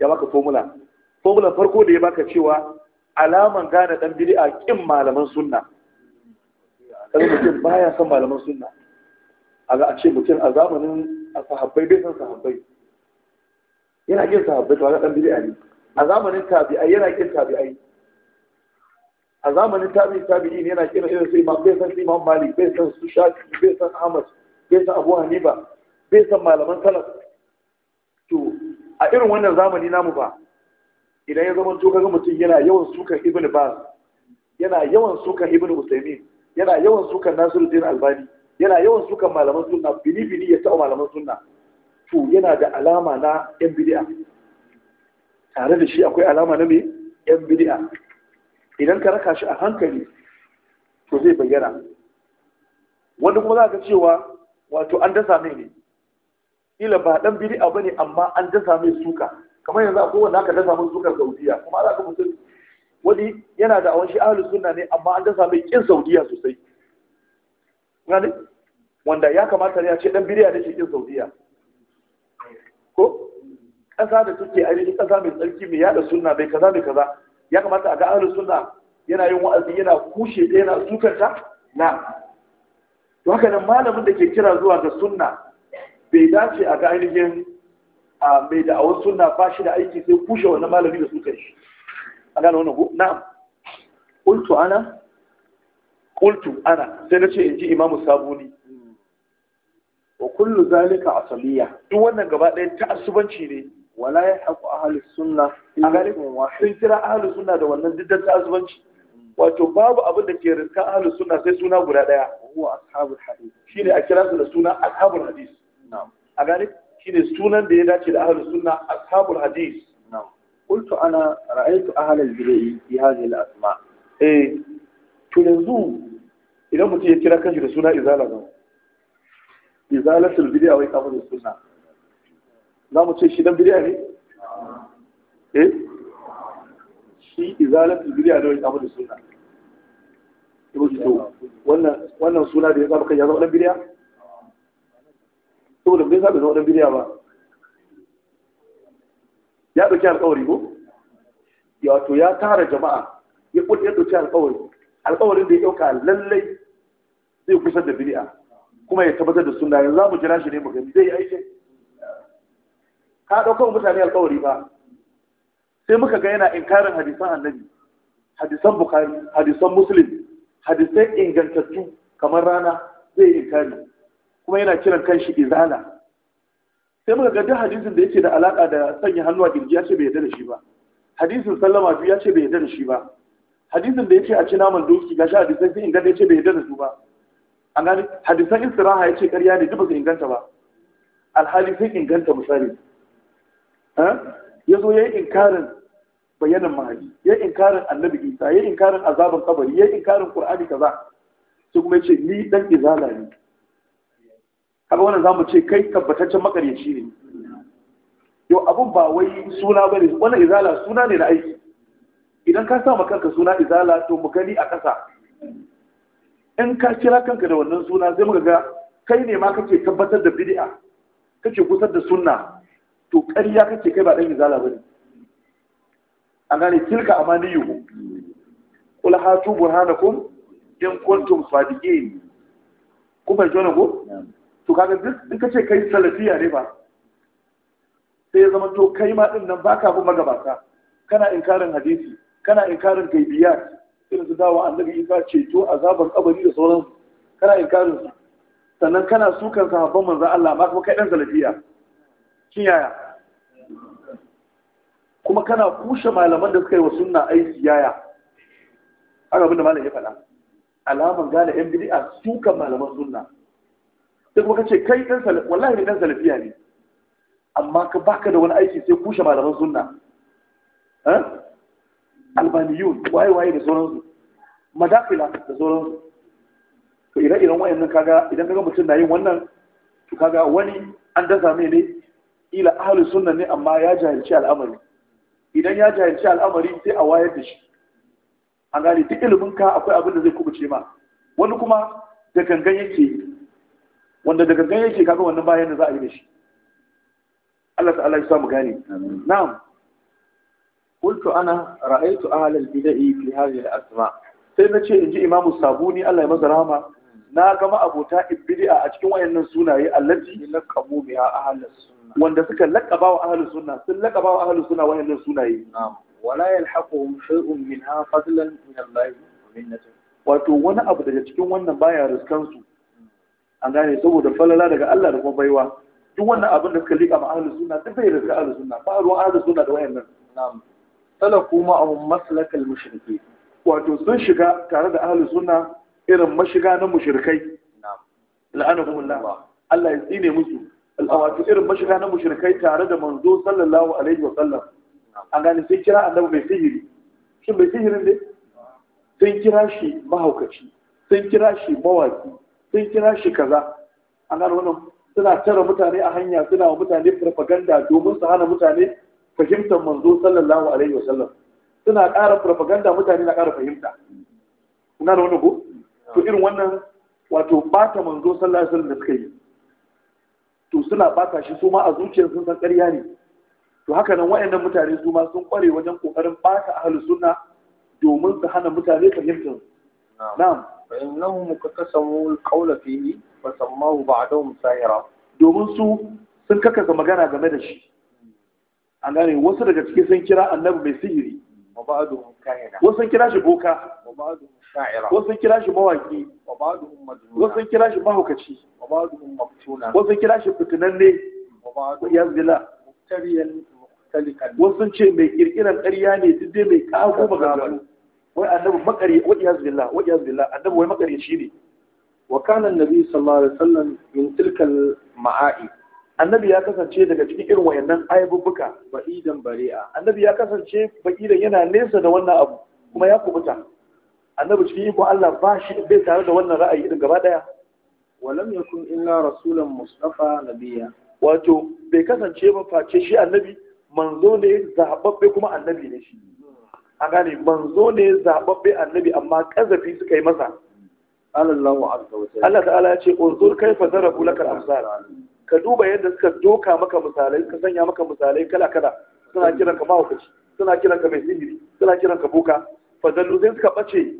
ya baka formula formula farko da ya baka cewa alaman gane dan bid'a kin malaman sunna kaga mutum baya son malaman sunna a ga a ce mutum a zamanin sahabbai bai son sahabbai yana kin sahabbai to ga dan bid'a ne a zamanin tabi'ai yana kin tabi'ai a zamanin tabi tabi'i ne yana kin irin su imam bai san imam malik bai san su shafi bai san ahmad bai san abu hanifa bai san malaman salaf to a irin wannan zamani namu ba idan ya zama to kaga mutum yana yawan sukan ibnu ba yana yawan sukan ibnu usaimin yana yawan sukan Nasiruddin Albani yana yawan sukan malaman sunna bini bini ya taɓa malaman sunna to yana da alama na yan bid'a tare da shi akwai alama na me yan bid'a idan ka raka shi a hankali to zai bayyana wanda kuma za ka cewa wato an dasa mai ne kila ba dan bid'a bane amma an dasa mai suka kamar yanzu akwai wanda aka dasa mai sukar Saudiya kuma za ka mutum wani yana da awon shi suna ne amma an dasa mai kin saudiya sosai gani wanda ya kamata ne a ce dan biriya ne shi kin saudiya ko ƙasa da suke ainihin ƙasa mai tsarki mai yada suna, mai kaza mai kaza ya kamata a ga ahlus suna yana yin wa'azi yana kushe ta yana sukanta na to haka nan malamin da ke kira zuwa ga sunna bai dace a ga ainihin a mai da'awar sunna ba shi da aiki sai kushe wannan malami da sukar shi an gane hu na na'am ana ƙultu ana sai na ce in ji imamu sabuni wa kullu zalika asaliya duk wannan gaba ɗaya ta'assubanci ne wala ya a ahli sunna illa sun kira ahli sunna da wannan diddan ta'assubanci wato babu abin da ke rinka ahli sunna sai suna guda ɗaya huwa ashabul Shi shine a kira su da suna ashabul hadis na'am a gane shine sunan da ya dace da ahli sunna ashabul hadith قلت ana رأيت أهل al في هذه الأسماء al-asma eh to yanzu idan mutum ya kira kanshi da suna izala ba izalatul wai إيه da إزالة za mu ce shi wannan wannan suna da ya zaba kai ya zama dan bid'a saboda bai zaba zama dan ba ya ɗauki alƙawari ko ya wato ya tara jama'a ya ya ɗauki alƙawari alƙawarin da ya ɗauka lallai zai kusa da bid'a kuma ya tabbatar da suna yanzu za mu jira shi ne mu zai yi aiki. ka ɗaukar mutane alƙawari ba sai muka ga yana inkarin hadisan annabi hadisan bukari hadisan musulun, hadisan ingantattu kamar rana zai inkari kuma yana kiran kanshi izana. sai muka gaji hadisin da yake da alaƙa da sanya hannu a kirji ya ce bai yadda da shi ba hadisin sallama biyu ya ce bai yadda da shi ba hadisin da yake a ci naman doki gashi hadisai sai inganta ya ce bai yadda da su ba a gani hadisan istiraha ya ce karya ne duk ba inganta ba alhali sai inganta misali ya zo ya yi inkarin bayanan mahadi, ya yi inkarin annabi isa ya yi inkarin azabar kabari ya yi inkarin qur'ani kaza sai kuma ya ce ni dan izala ne kaga wannan zamu ce kai tabbataccen makaryaci ne yau abun ba wai suna bane wannan izala suna ne na aiki idan ka sa kanka suna izala to mu gani a ƙasa in ka kira kanka da wannan suna sai muka ga kai ne ma kake tabbatar da bid'a kake kusar da sunna to ƙarya kake kai ba dan izala bane an gane tilka amaniyuhum qul hatu burhanakum in kuntum sadiqin kuma jona ko to kaga duk in ka ce kai salafiya ne ba sai ya zama to kai ma din nan baka bin magabata kana inkarin hadisi kana inkarin gaibiyat irin su dawo annabi Isa ceto azabar kabari da sauransu kana inkarin su sannan kana sukan sahabban manzo Allah ma kuma kai dan salafiya Kin yaya kuma kana kushe malaman da suka yi wa sunna aiki yaya haka abinda da malam ya faɗa alaman gane yan bid'a suka malaman sunna sai kuma kace kai dan salafi wallahi ne dan salafiya ne amma ka baka da wani aiki sai kushe malaman sunna eh albaniyun waye waye da su, madafila da su. to ire iren wayannan kaga idan kaga mutum na yin wannan to kaga wani an dasa mai ne ila ahlus sunna ne amma ya jahilci al'amari idan ya jahilci al'amari sai a wayar da shi an gane duk ilimin ka akwai abin da zai kubuce ma wani kuma da gangan yake wanda daga gan yake kaga wannan bayan da za a yi da shi Allah ta'ala ya samu gane na'am qultu ana ra'aytu ahla al-bid'i fi hadhihi al-asma sai na ce inji imamu sabuni Allah ya masa rahama na ga ma'abota bid'a a cikin wayannan sunaye allati laqabu biha ahla sunna wanda suka laqaba wa ahli sunna sun laqaba wa ahli sunna wayannan sunaye na'am wala yalhaquhum shay'un minha fadlan min Allah wa minnati wato wani abu daga cikin wannan baya riskan su an gane saboda falala daga Allah da kuma baiwa duk wannan abin da suka liƙa ma ahlus sunna duk bai riga ahlus sunna ba ruwan ahlus sunna da wayannan na'am tala kuma a maslakal mushriki wato sun shiga tare da ahlus sunna irin mashiga na mushrikai na'am la'anahumullah Allah ya tsine musu wato irin mashiga na mushrikai tare da manzo sallallahu alaihi wa sallam an gane sai kira annabi mai sihiri shin mai sihirin ne sun kira shi mahaukaci sun kira shi mawaki sun kira shi kaza a gano wani suna tara mutane a hanya suna wa mutane farfaganda domin su hana mutane fahimtar manzo sallallahu alaihi wasallam suna ƙara farfaganda mutane na ƙara fahimta na gano wani ko to irin wannan wato bata manzo sallallahu alaihi wasallam da suka yi to suna bata shi su ma a zuciyar sun san ƙarya ne to haka nan waɗannan mutane su ma sun ƙware wajen ƙoƙarin bata ahlus sunna domin su hana mutane fahimtar na'am فإنهم قسموا القول فيه فسماه بعدهم ساهرا domin su sun kakasa magana game da shi an gane wasu daga cikin kira annabi mai sihiri wasu sun kira shi boka wasu sun kira shi mawaki wasu sun kira shi mahaukaci wasu sun kira shi fitinanne ya wasu sun ce mai kirkiran ƙarya ne duk dai mai kago maganganu wai annabi makari wa iyaz billah wa iyaz billah annabi wai makari shi ne wa kana annabi sallallahu alaihi wasallam min tilkal ma'a'i annabi ya kasance daga cikin irin wayannan ayyubuka ba'idan bari'a annabi ya kasance ba'idan yana nesa da wannan abu kuma ya kubuta annabi cikin iko Allah ba shi bai tare da wannan ra'ayi din gaba daya walam yakun illa rasulan mustafa nabiyya wato bai kasance ba face shi annabi manzo ne zahababbe kuma annabi ne shi a gane manzo ne zababbe annabi amma kazafi suka yi masa Allah ta'ala ya ce unzur fa zara bulakar amsar ka duba yadda suka doka maka misalai suka sanya maka misalai kala kala suna kiran ka mahaukaci suna kiran ka mai sihiri suna kiran ka boka zallu zai suka bace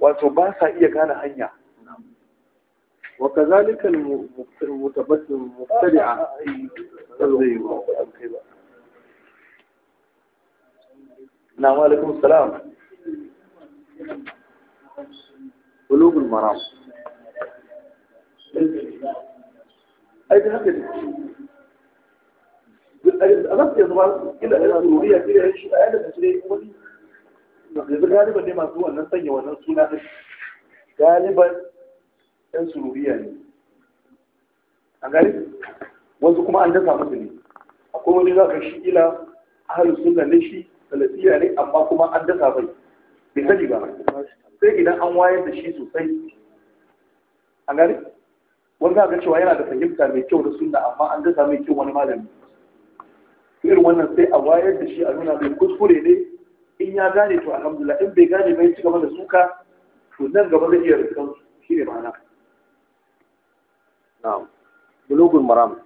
wato ba sa iya gane hanya وكذلك ba. نعم عليكم السلام قلوب المرام أي تحكي أغسطي أصبار إلا إلا سورية كيف يعيش أهلا بسرية أمني يقول غالبا لما هو أن نستنى ونرسونا غالبا أن سورية أغالي وزكما أنجزها مثلي أقول لغا غشي إلى أهل السنة ليشي salafiya ne amma kuma an dasa bai bai sani ba sai idan an wayar da shi sosai a gani wanda ga cewa yana da fahimta mai kyau da sunna amma an dasa mai kyau wani malami irin wannan sai a wayar da shi a nuna mai kuskure ne in ya gane to alhamdulillah in bai gane bai ci gaba da suka to nan gaba zai iya rikan shi ne ma'ana na'am بسم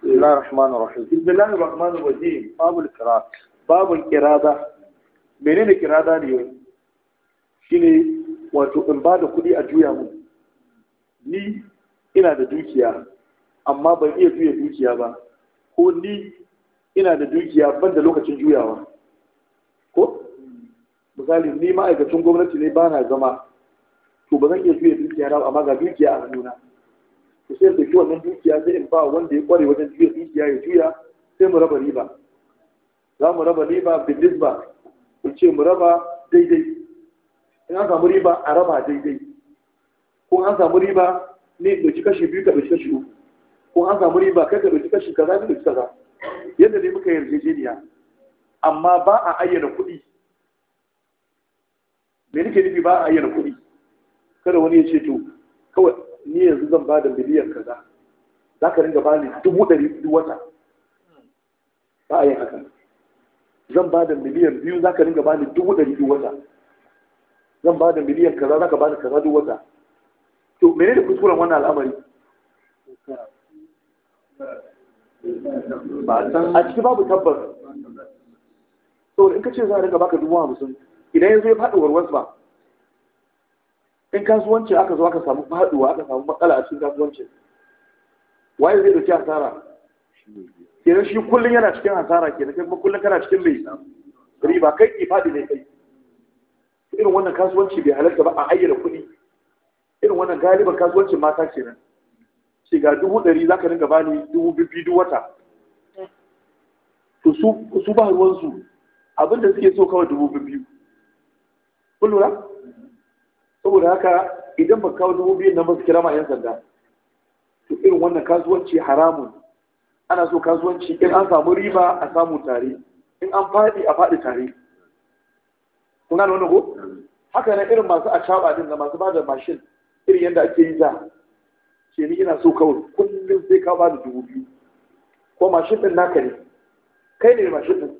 الله الرحمن الرحيم بسم الله الرحمن الرحيم باب القراءة باب القراءة menene kirada ne wai shine wato in ba da kuɗi a juya mu ni ina da dukiya amma ban iya juya dukiya ba ko ni ina da dukiya ban da lokacin juyawa ko misali ni ma'aikacin gwamnati ne ba na zama to ba zan iya juya dukiya na amma ga dukiya a hannuna to sai da wannan dukiya sai in ba wanda ya kware wajen juya dukiya ya juya sai mu raba riba za mu raba riba bilis ba ku ce mu raba daidai in an samu riba a raba daidai ko an samu riba ne ɗauki kashi biyu ka ɗauki kashi uku ko an samu riba kai ka ɗauki kashi kaza ka ɗauki kaza yadda ne muka yarjejeniya amma ba a ayyana kuɗi me nake nufi ba a ayyana kuɗi kada wani ya ce to kawai ni yanzu zan ba da miliyan kaza za ka ringa ba ni dubu ɗari duk wata ba a yin haka zan ba da miliyan biyu za ka ringa bani dubu ɗari duk wata zan ba da miliyan kaza za ka bani kaza duk wata to mene da kuskuren wannan al'amari Ba a ciki babu tabbas To in ka ce za a ringa baka dubu hamsin idan yanzu ya faɗi warwas ba in kasuwanci aka zo aka samu faɗuwa aka samu matsala a cikin kasuwancin waye zai ɗauki asara kenan shi kullum yana cikin hasara kenan kai kuma kullum kana cikin mai riba kai ki fadi ne kai irin wannan kasuwanci bai halarta ba a ayyana kuɗi irin wannan galiban kasuwancin mata kenan ce ga dubu ɗari za ka ba ni dubu biyu duk wata to su ba ruwansu abinda suke so kawai dubu biyu kun lura saboda haka idan ba kawo dubu biyu nan ba su kira ma 'yan sanda to irin wannan kasuwanci haramun ana so kasuwanci in an samu riba a samu tare in an faɗi a faɗi tare kun gane wannan ko haka nan irin masu acaba din da masu ba da mashin irin yadda ake yi da ce ni ina so kawai kullum sai ka ba da dubu biyu ko mashin din naka ne kai ne mashin din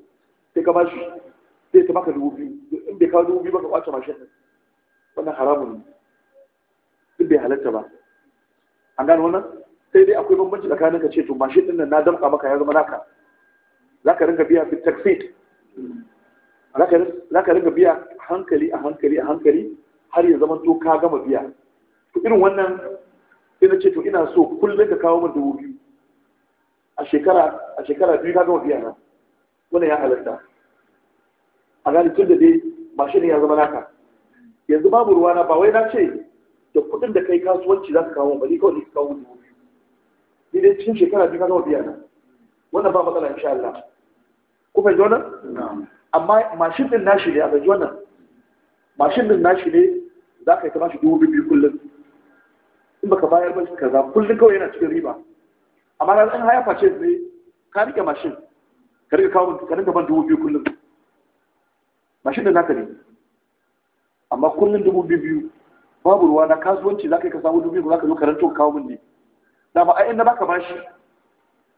sai ka ba shi sai ta baka dubu biyu in bai kawo dubu biyu ba ka kwace mashin din wannan haramun ne in bai halatta ba an gane wannan sai dai akwai bambanci tsakanin ka ce to mashin din nan na damka maka ya zama naka za ka ringa biya fit taxi za ka ringa biya hankali a hankali a hankali har ya zama to ka gama biya to irin wannan sai na ce to ina so kullum ka kawo min dubu biyu a shekara a shekara biyu ka gama biya na wannan ya halatta a gani tun da dai mashin ya zama naka yanzu babu ruwana ba wai na ce da kuɗin da kai kasuwanci za ka kawo ba ni kawai ka kawo dubu idan cikin shekara biyu ka gama biya nan wannan ba matsala insha Allah ku fahimci wannan amma mashin din nashi ne a fahimci jona mashin din nashi ne za ka yi ta shi dubu biyu kullum in baka bayar ba kaza kullum kawai yana cikin riba amma na an haya face ne ka rike mashin ka rike kawo ka rike ban dubu biyu kullum mashin din naka ne amma kullum dubu biyu babu ruwa na kasuwanci za ka yi ka samu dubu biyu za ka zo karanto kawo mun ne da ba a inda baka bashi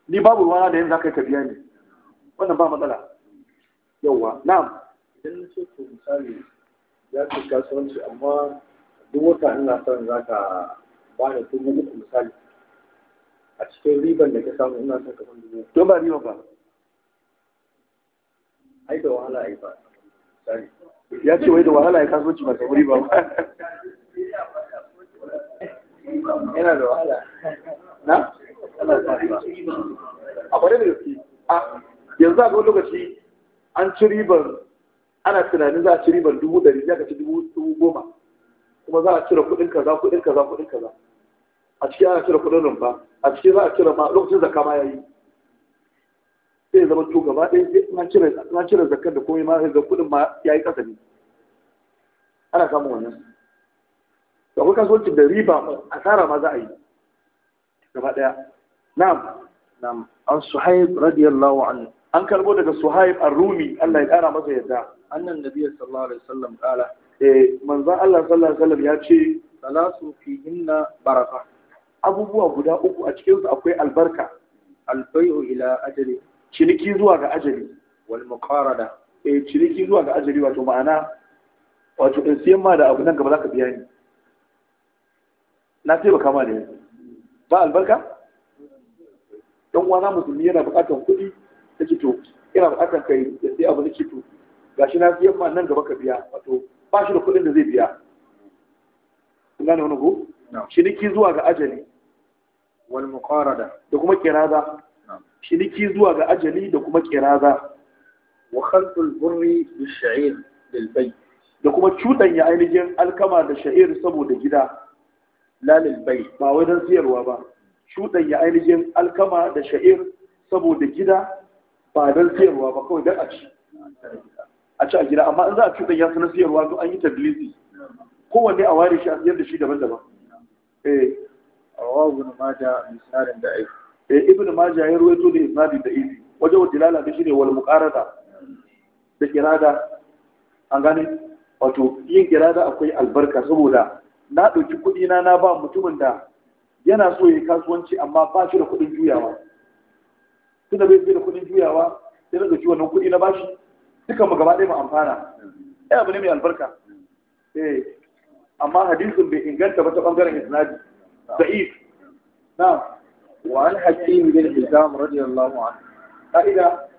ni babu ruwa da yanzu kai ka biya ni wannan ba matsala yawwa na'am idan na ce ko misali ya ce kasuwanci amma duk wata ina son za ka ba da dubu uku misali a cikin riban da ka samu ina son ka dubu don ba riba ba ai da wahala ai ba misali ya ce wai da wahala ya kasuwanci ba samu riba ba yana da wahala na a kwarai da gaske a yanzu a wani lokaci an ci ribar ana tunanin za a ci ribar dubu ɗari ya ka ci dubu goma kuma za a cire kuɗin kaza kuɗin kaza kuɗin kaza a ciki ana cire kuɗin rumfa a ciki za a cire ma lokacin zaka ma yayi sai zama to gaba ɗaya sai an cire na cire zakkar da komai ma ga kuɗin ma yayi ƙasa ne ana samun wannan akwai kasuwancin da riba asara ma za a yi gaba ɗaya. na'am na'am an suhaib radiyallahu anhu an karbo daga suhaib ar-rumi Allah ya kara masa yadda annan nabiyyi sallallahu alaihi wasallam kala eh manzon Allah sallallahu alaihi wasallam ya ce salasu fihinna baraka abubuwa guda uku a cikin su akwai albarka al albayu ila ajali ciniki zuwa ga ajali wal muqarada eh ciniki zuwa ga ajali wato ma'ana wato in siyan ma da abu nan gaba zaka biya ni na taimaka ma da yanzu ba albarka don uwana musulmi yana buƙatar kuɗi ta ce to ina kai ya sai abu nake to shi na biyan ma nan gaba ka biya wato ba shi da kuɗin da zai biya kun gane wani ko ciniki zuwa ga ajali wal muqarada da kuma kiraza ciniki zuwa ga ajali da kuma kiraza wa khalqul burri bi sha'ir bil bayt da kuma cutan ya ainihin alkama da sha'ir saboda gida lalil bai ba wai don siyarwa ba shuɗan ya ainihin alkama da sha'ir saboda gida ba don siyarwa ba kawai don a ci a ci a gida amma in za a shuɗan ya sanar siyarwa to an yi tablisi kowanne a ware shi a siyar da shi daban-daban eh a rawahu ibn maja misalin da ai eh ibn maja ya ruwaito da isnadi da izi wajen wa dilala da ne wal muqarada da kirada an gane wato yin kirada akwai albarka saboda na ɗauki kuɗina na ba mutumin da yana so ya yi kasuwanci amma ba shi da kuɗin juyawa tun da bai da kuɗin juyawa sai na ɗauki wannan kuɗi na bashi dukan mu gaba ɗaya mu amfana ɗaya eh, abu ne mai albarka eh amma hadisin bai inganta ba ta ɓangaren isnadi da'if na wa an hakim bin hizam radiyallahu anhu ka'ida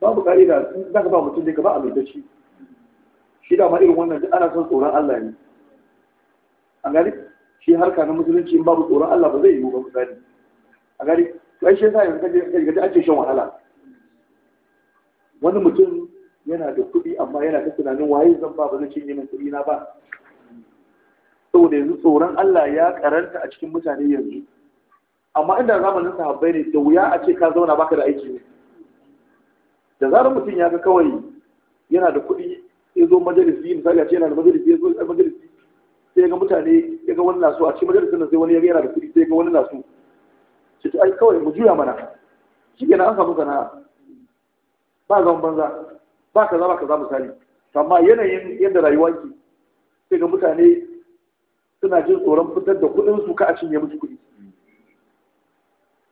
babu ka'ida in za ka ba mutum ne ka ba a mai shi shi da ma irin wannan ana son tsoron Allah ne a gari shi harka na musulunci in babu tsoron Allah ba zai yiwu ba misali a gari to ai shi yasa yanzu kaje kaje kaje ake shan wahala wani mutum yana da kuɗi amma yana ta tunanin waye zan ba ba zan cinye min kuɗi na ba saboda yanzu tsoron Allah ya karanta a cikin mutane yanzu amma inda zamanin sahabbai ne da wuya a ce ka zauna baka da aiki ne da zarar mutum ya ga kawai yana da kuɗi ya zo majalisi misali a ce yana da majalisi ya zo majalisi sai ya ga mutane ya ga wani nasu a ce majalisin nan sai wani ya ga yana da kuɗi sai ya ga wani nasu ce ta ai kawai mu juya mana shi kenan an samu sana'a ba zaman banza ba kaza ba kaza misali amma yanayin yadda rayuwa ke sai ga mutane suna jin tsoron fitar da kuɗin su ka a cinye musu kuɗi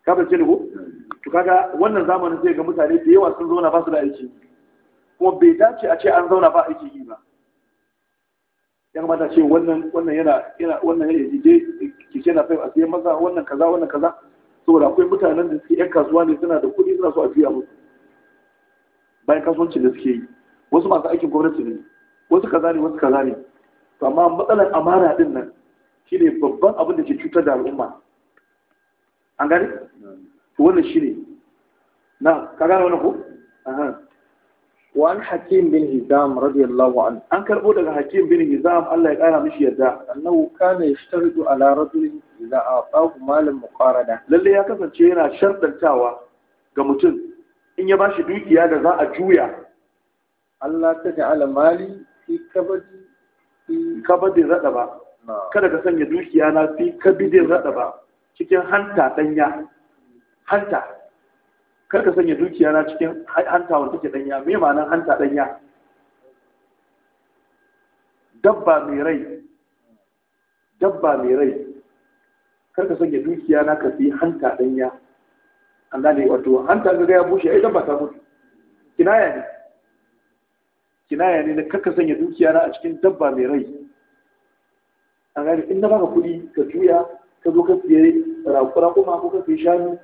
ka bace ni ko kaga wannan zamanin zai ga mutane da yawa sun zauna ba su da aiki kuma bai dace a ce an zauna ba aiki yi ba ya kamata ce wannan wannan yana yana wannan yana yaje ki ce na fa a siyan maza wannan kaza wannan kaza saboda akwai mutanen da suke yan kasuwa ne suna da kuɗi suna so a biya musu bayan kasuwancin da suke yi wasu masu aikin gwamnati ne wasu kaza ne wasu kaza ne to amma matsalar amana din nan shine babban abin da ke cutar da al'umma an gani wannan shi ne na kaga wani ku wa an hakim bin hizam radiyallahu an an karbo daga hakim bin hizam Allah ya kara mishi yadda annahu kana yashtaridu ala rajulin idza ataahu malan muqarada lalle ya kasance yana shartantawa ga mutum in ya bashi dukiya da za a juya Allah ta ja'ala mali fi kabadi fi kabadi radaba kada ka sanya dukiya na fi kabidin radaba cikin hanta danya hanta kar ka sanya dukiya na cikin hanta wanda take danya me ma'anar hanta danya dabba mai rai dabba mai rai kar ka sanya dukiya na ka fi hanta danya Allah ne wato hanta ga ya bushe ai dabba ta mutu kinaya ne kinaya ne na kar ka sanya dukiya na a cikin dabba mai rai an gane in na baka kuɗi ka juya ka zo ka siye rakura kuma ko ka siye shanu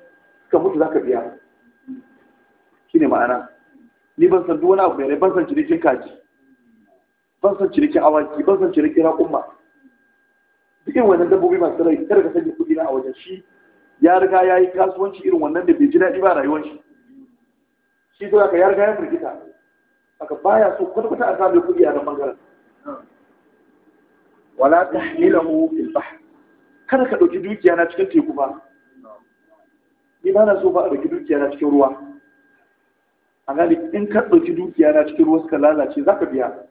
ka mutu za ka biya shi ne ma'ana ni ban san duwana abu mere ban san cirikin kaji ban san cinikin awaki ban san cinikin raƙumma duk irin wannan dabbobi masu rai kada ka sanya kuɗi na a wajen shi ya riga ya yi kasuwanci irin wannan da bai ji daɗi ba rayuwar shi shi zuwa ka ya riga ya firgita aka baya so kwata kwata a samun kuɗi a nan bangaren wala tahmilahu fil bahr kada ka ɗauki dukiya na cikin teku ba ni ba na so ba a ɗauki dukiya na cikin ruwa a gani in ka ɗauki dukiya na cikin ruwa suka lalace za ka biya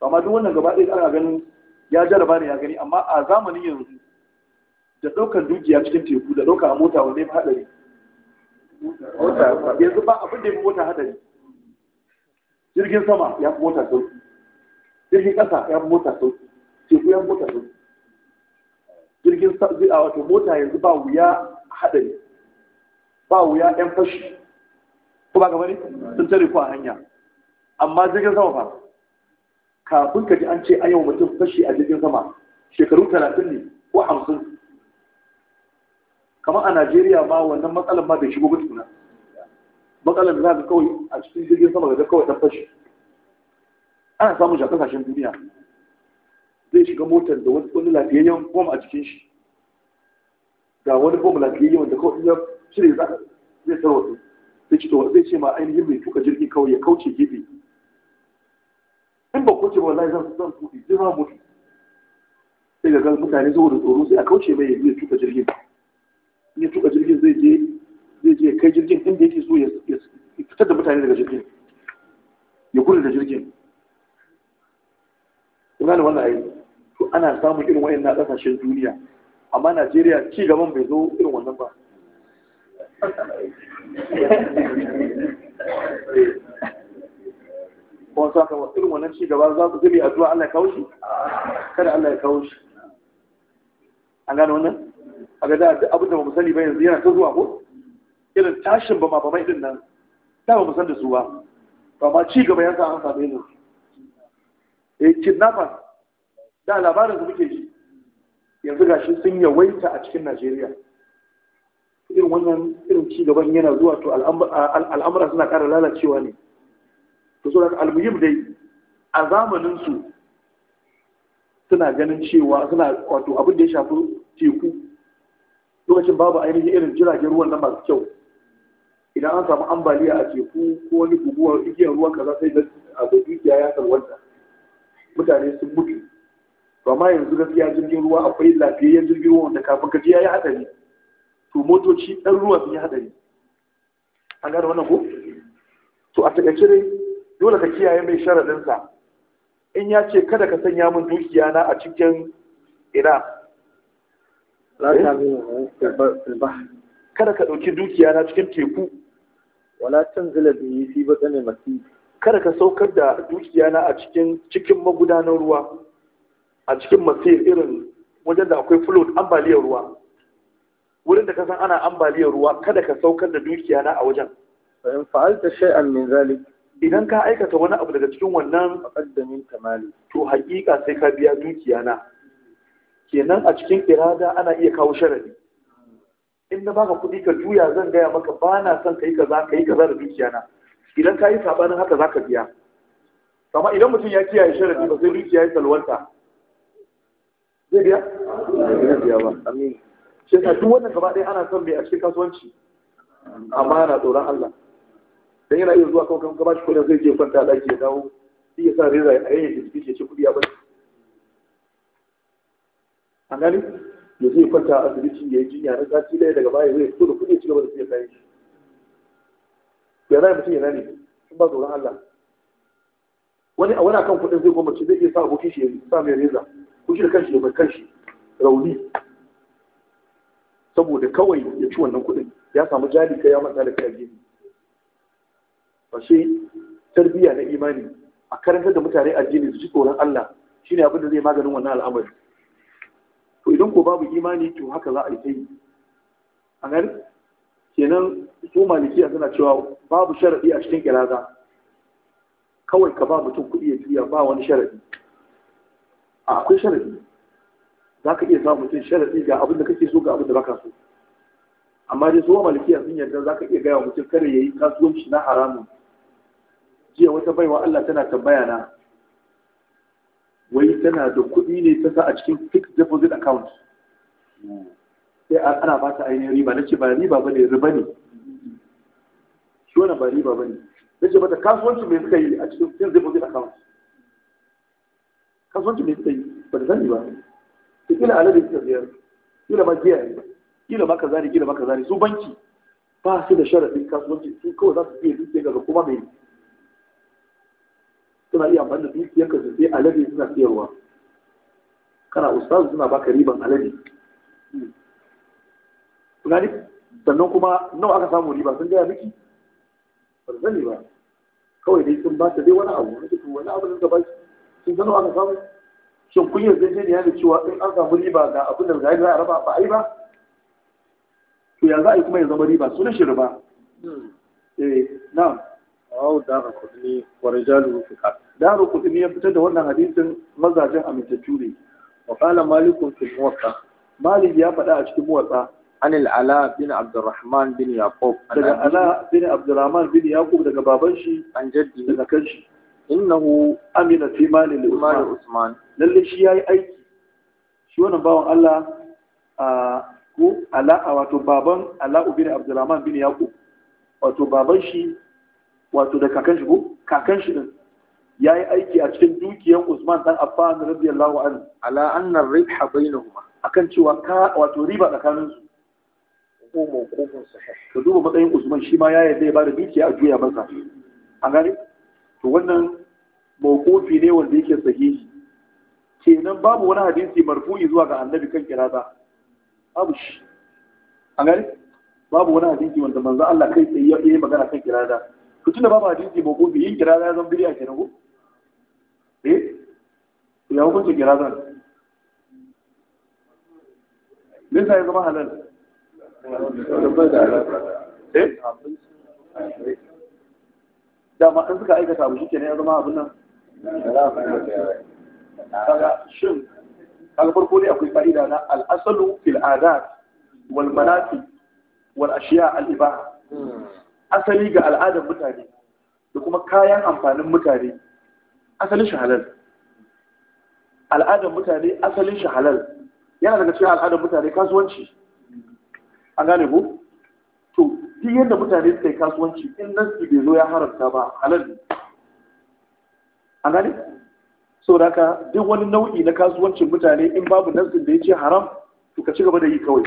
amma duk wannan gaba ɗaya ana ganin ya jaraba ne ya gani amma a zamanin yanzu da ɗaukar dukiya cikin teku da ɗauka a mota wanda ya haɗari yanzu ba abin da ya fi mota haɗari jirgin sama ya fi mota sauki jirgin ƙasa ya fi mota sauki teku ya fi mota sauki jirgin a wato mota yanzu ba wuya haɗari ba wuya ɗan fashi ko ba gaba ne sun tare ku a hanya amma jirgin sama fa kafin ka ji an ce an wa mutum fashi a jirgin sama shekaru talatin ne ko hamsin kamar a najeriya ba wannan matsalar ma bai shigo mutuna matsalar da za ka kawai a cikin jirgin sama ga kawai ɗan fashi ana samun shi a kasashen duniya zai shiga motar da wani lafiyayyen goma a cikin shi ga wani goma lafiyayyen wanda kawai cire za zai tarwatsu sai ci zai ce ma ainihin mai tuka jirgi kawai ya kauce gefe in ba kauce ba wallahi zan zan tuki zai ma mutu sai ga mutane zuwa da tsoro sai a kauce mai ya tuka jirgin in ya tuka jirgin zai je zai je kai jirgin inda yake so ya fitar da mutane daga jirgin ya gudu da jirgin kuma da wannan ayi to ana samun irin wayannan kasashen duniya amma Najeriya ci gaban bai zo irin wannan ba ka wasu irin wannan cigaba za su zube zuwa Allah ya kawo shi kada Allah ya kawo shi an gano wannan a ga da abin da ba mu sani ba yanzu yana ta zuwa ko irin tashin ba ma ba mai din nan ta ba mu san da su ba ba ma cigaba gaba ya sa an same mu eh kidnappers da labarin su muke ji yanzu gashi sun yawaita a cikin Najeriya irin wannan irin ci gaban yana zuwa to al'amura suna ƙara lalacewa ne to so daga dai a zamanin su suna ganin cewa suna wato abin da ya shafi teku lokacin babu ainihin irin jiragen ruwan nan masu kyau idan an samu ambaliya a teku ko wani guguwar igiyar ruwan kaza sai da akwai dukiya ya salwanta mutane sun mutu to amma yanzu gaskiya jirgin ruwa akwai lafiyayyen jirgin ruwan da kafin ka ji ya yi hatsari to motoci ɗan ruwa sun yi haɗari an gane wannan ko to a takaice dai dole ka kiyaye mai sharaɗinsa in ya ce kada ka sanya min dukiya na a cikin ina eh? kada ka ɗauki dukiya na cikin teku wala da yi fi ne masu kada ka saukar da dukiya na a cikin cikin magudanar ruwa a cikin masu irin wajen da akwai float ambaliyar ruwa wurin da ka san ana ambaliyar ruwa kada ka saukar da dukiya na a wajen fa in fa'alta shay'an min zalik idan ka aikata wani abu daga cikin wannan muqaddamin tamali to haƙiƙa sai ka biya dukiya na kenan a cikin irada ana iya kawo sharadi in na baka kuɗi ka juya zan gaya maka ba na son kai kaza kai kaza da dukiya na idan ka yi sabanin haka za ka biya amma idan mutum ya kiyaye sharadi ba sai dukiya ya salwanta zai biya zai biya ba amin shi ka duk wannan gaba ɗaya ana son mai a cikin kasuwanci amma yana tsoron Allah dan yana iya zuwa kawai kan gaba shi kuɗin zai je kwanta ɗaki ya dawo shi ya sa reza a yayin da suke ce kuɗi a bari an gani ya zai kwanta a asibiti ya yi jinya na sati ɗaya daga baya zai fito da kuɗi ya ci gaba da siya kayan shi ya zai mutum ya nani, in ba tsoron Allah wani a wani akan kuɗin zai gwamnati zai iya sa abokin shi ya sa mai reza kushi shi da kanshi ya bai kanshi rauni saboda kawai ya ci wannan kuɗin ya samu jari ka ya manta da kai gini ba shi tarbiyya na imani a karantar da mutane addini su ci tsoron Allah shine abin da zai maganin wannan al'amari to idan ko babu imani to haka za a yi ta yi a nan kenan su malikiya suna cewa babu sharadi a cikin kiraza kawai ka ba mutum kuɗi ya juya ba wani sharadi akwai sharadi za ka iya samun mutum sharaɗi ga abin da kake so ga abin da baka so amma dai zuwa malikiya sun yarda za ka iya gaya mutum kare ya yi kasuwanci na haramun jiya wata baiwa Allah tana tambaya na wai tana da kuɗi ne ta sa a cikin fixed deposit account sai ana ba ta ainihin riba na ce ba riba ba ne riba ne shi wannan ba riba ba ne na ce mata kasuwanci mai suka yi a cikin fixed deposit account kasuwanci mai suka yi ba zan sani ba da kila alade suka biyar kila ma jiya ne kila ma kazari, ne kila ma kaza su banki ba su da sharaɗin kasuwanci su kawai za su iya dukiyar daga kuma mai suna iya amfani da dukiyar ka su sai alade suna siyarwa. kana ustazu suna baka riban alade gani sannan kuma nawa aka samu riba sun gaya miki ba sani ba kawai dai sun ba ta dai wani abu wani abu da suka ba sun san nawa aka samu shin kun yarda zai ne da cewa in an samu riba ga abin da za a raba ba a yi ba to ya za a yi kuma ya zama riba sunan shi riba eh na Rawu daru kudini wa rijalu fiqat. Daru ne ya fitar da wannan hadisin mazajen amintattu ne. Wa qala malikun fi muwatta. Malik ya faɗa a cikin muwatta an العلاء بن عبد الرحمن بن يعقوب عن العلاء بن عبد الرحمن بن daga baban shi an jaddi daga kan shi innahu amina fi malin usman lalle shi yayi aiki shi wannan bawan Allah a ko ala wato baban Ala'u bin Abdulrahman bin Yaqub wato baban shi wato da kakan shi ko kakan shi din yayi aiki a cikin dukiyar Usman dan Affan radiyallahu anhu ala anna ribha bainahuma akan cewa ka wato riba tsakanin su ko mawqufun sahih ka duba matsayin Usman shi ma ya zai ba da dukiya a juya masa an gane to wannan mawqufi ne wanda yake sahihi kenan babu wani hadisi marfu'i zuwa ga annabi kan kirada. babu shi an gani babu wani hadisi wanda manzo Allah kai sai ya yi magana kan kirada to tunda babu hadisi mawqufi yin kirada ya zama bid'a kenan ko eh ya hukunta kirada me yasa ya zama halal eh dama in suka aikata abu shike ne ya zama abin nan kaga shin kaga farko ne akwai fa'ida na al'asalu fil adat wal manafi wal ashiya al ibaha asali ga al'adar mutane da kuma kayan amfanin mutane asalin shi halal al'adar mutane asalin shi halal yana daga cikin al'adar mutane kasuwanci an gane ku duk yadda mutane suka yi kasuwanci in su bai zo ya haramta ba halal ne an gane da ka, duk wani nau'i na kasuwancin mutane in babu nasin da ya ce haram to ka ci gaba da yi kawai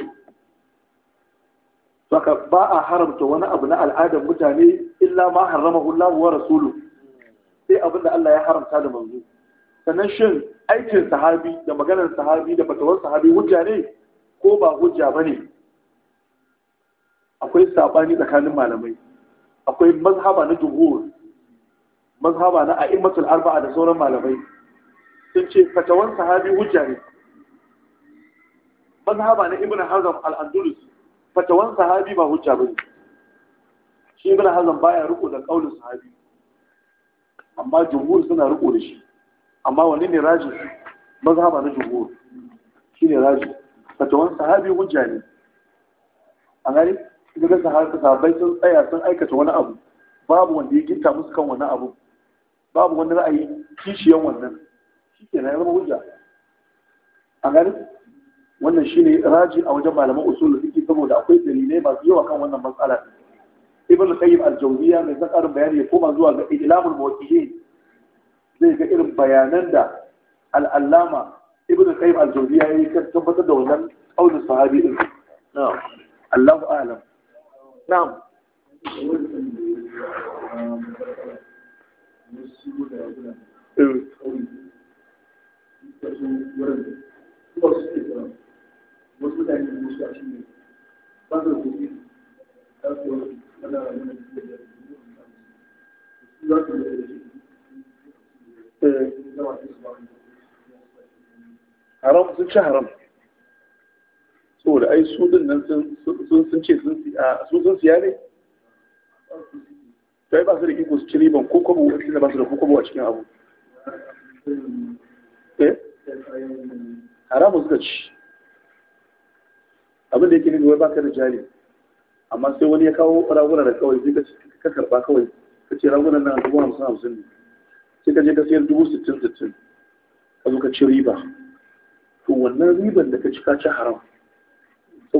saka ba a haramta wani abu na al'adar mutane illa ma harama Allah wa rasulu sai abin da Allah ya haramta da manzo sannan shin aikin sahabi da maganar sahabi da fatawar sahabi hujja ne ko ba hujja ba ne? akwai saɓani tsakanin malamai akwai mazhaba na jumhur mazhaba na a'immatul arba'a da sauran malamai sun ce fatawan sahabi hujja ne mazhaba na ibnu hazm al-andalus fatawan sahabi ba hujja bane shi ibnu hazm baya riko da kaulin sahabi amma jumhur suna riko da shi amma wani ne raji mazhaba na jumhur shine raji fatawan sahabi hujja ne a gari ga ga sahabbai sun tsaya sun aikata wani abu babu wanda ya ginta musu kan wani abu babu wani ra'ayi kishiyan wannan shi ke ya zama hujja a gani wannan shi ne raji a wajen malaman usul suke saboda akwai dalilai masu yawa kan wannan matsala ibn qayyim al-jawziya mai san bayani ya koma zuwa ga ilamul muwaqqi'in zai ga irin bayanan da al-allama ibn qayyim al-jawziya yayi kan tabbatar da wannan qaulin sahabi din na'am Allahu a'lam na'am eh. haram sun ci saboda ai su din nan sun ce sun siya ne to ai ba su da iko su ci riban ko kwabo wani ba su da ko a cikin abu eh haramu suka ci abin da yake nufi wai baka da jari amma sai wani ya kawo raguna da kawai sai ka karba kawai ka ce ragunan nan dubu hamsin hamsin ne sai ka je ka sayar dubu sittin sittin ka zo ka ci riba to wannan riban da ka ci ka ci haram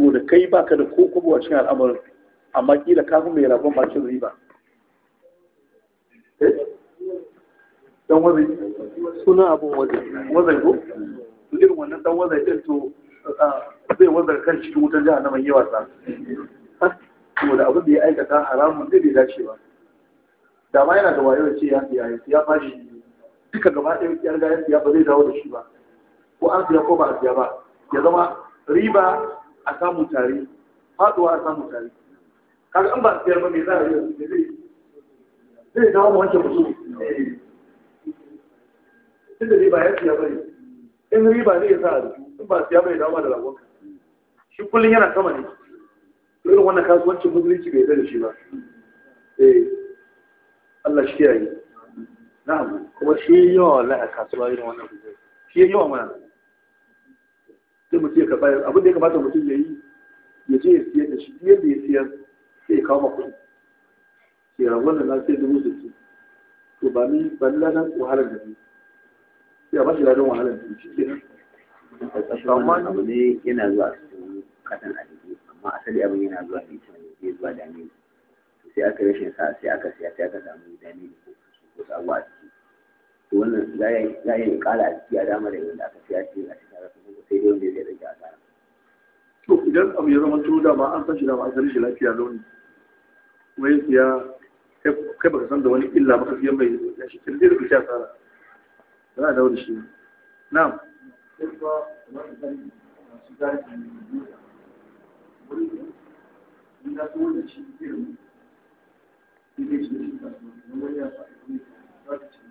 saboda kai baka da ko kubo a al'amarin amma kila kafin mai rabon bakin riba eh? dan wazai suna abun wazai wazai ko irin wannan dan wazai din to zai wazar kan cikin wutar jihar na mai yawa sa saboda abin da ya aikata haramun zai bai dace ba da ma yana da wayo ce ya siya ya siya ba shi duka gaba ɗaya ya riga ya siya ba zai dawo da shi ba ko an siya ko ba a siya ba ya zama riba a samu tare faduwa a samu tare kaga in ba siyar ba me za a yi zai zai dawo mu wanke riba ya siya bane in riba zai sa a rubu in ba siya bane dawo da ragonka shi kullum yana sama ne da shi ba eh Allah ya na'am shi a mana sai mutum ya karɓa abin da ya kamata mutum ya yi ya je ya siyar da shi yadda ya siyar sai ya kawo kuɗi sai ya wannan na sai dubu sittin to ba ni ba ni ladan wahalar da ni sai a ba shi ladan wahalar da ni shi kenan amma abu ne yana zuwa cikin katon a jiki amma asali abin yana zuwa a can ne zuwa dame sai aka rashin sa sai aka siya sai aka samu dame ne ko su ko sabuwa a ciki to wannan za a yi kala a ciki a dama da yadda aka siya ce a cikin rasu kuma sai dai wanda zai rage a to idan abu ya zama tun da ba an san shi da ba a san shi lafiya launi kuma ya siya kai baka san da wani illa baka siyan mai ya shi kirje da kuka tsara za a dawo da shi na'am Thank you.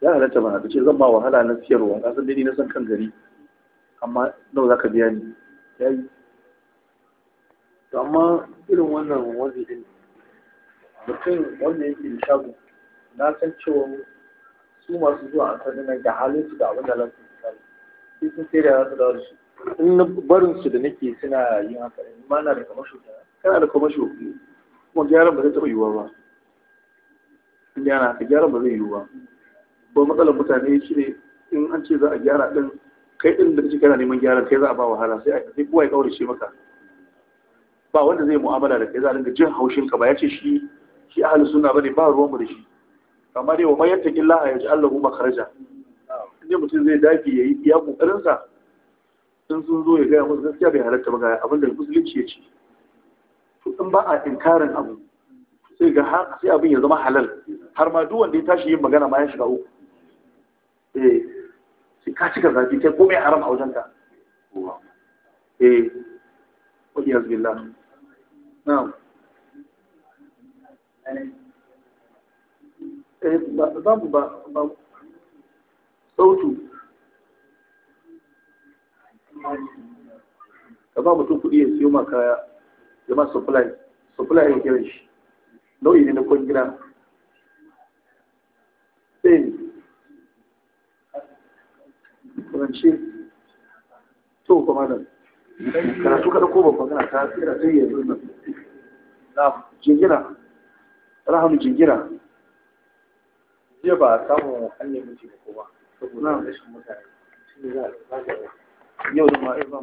ya halatta bana ta ce zan ba wahala na siyarwa ka san dai na san kan gari amma nawa za ka biya ni ya yi to amma irin wannan wanzu din mutum wanda yake da shago na san cewa su masu zuwa a kan nan da halin su da abin da za su misali sai sun sai da za su dawo da shi in na barin su da nake suna yin haka in ma na da kamasho kana da kamasho kuma gyaran ba zai taɓa yiwuwa ba in haka gyaran ba zai yiwu ba ko matsalar mutane shi ne in an ce za a gyara din kai din da cikin kana neman gyara kai za a ba wahala sai a sai kowa ya shi maka ba wanda zai mu'amala da kai za a dinga jin haushin ka ba ya ce shi shi ahli sunna bane ba ruwan mu da shi amma dai wa man yattaqillaha yaj'al lahu makhraja inda mutum zai dafi yayi iya kokarin sa sun sun zo ya gaya musu gaskiya bai halatta ba ga abin da musulunci ya ce to in ba a inkarin abu sai ga har sai abin ya zama halal har ma duk wanda ya tashi yin magana ma ya shiga uku Eh, sai ka cika zafi kai komai haram a wajenka eh wadi yanzu eh, ba ba sautu ka mutum kuɗi ya siyo ma kaya ya ma supply supply ya kiran shi nau'i ne na kwangila kuranci to kuma da karatu kada ko babban gana ta tsira sai ya zo na jingira rahamu jingira jiya ba a samu an nemi taimako ba saboda rashin mutane shi ne za yau da ma'a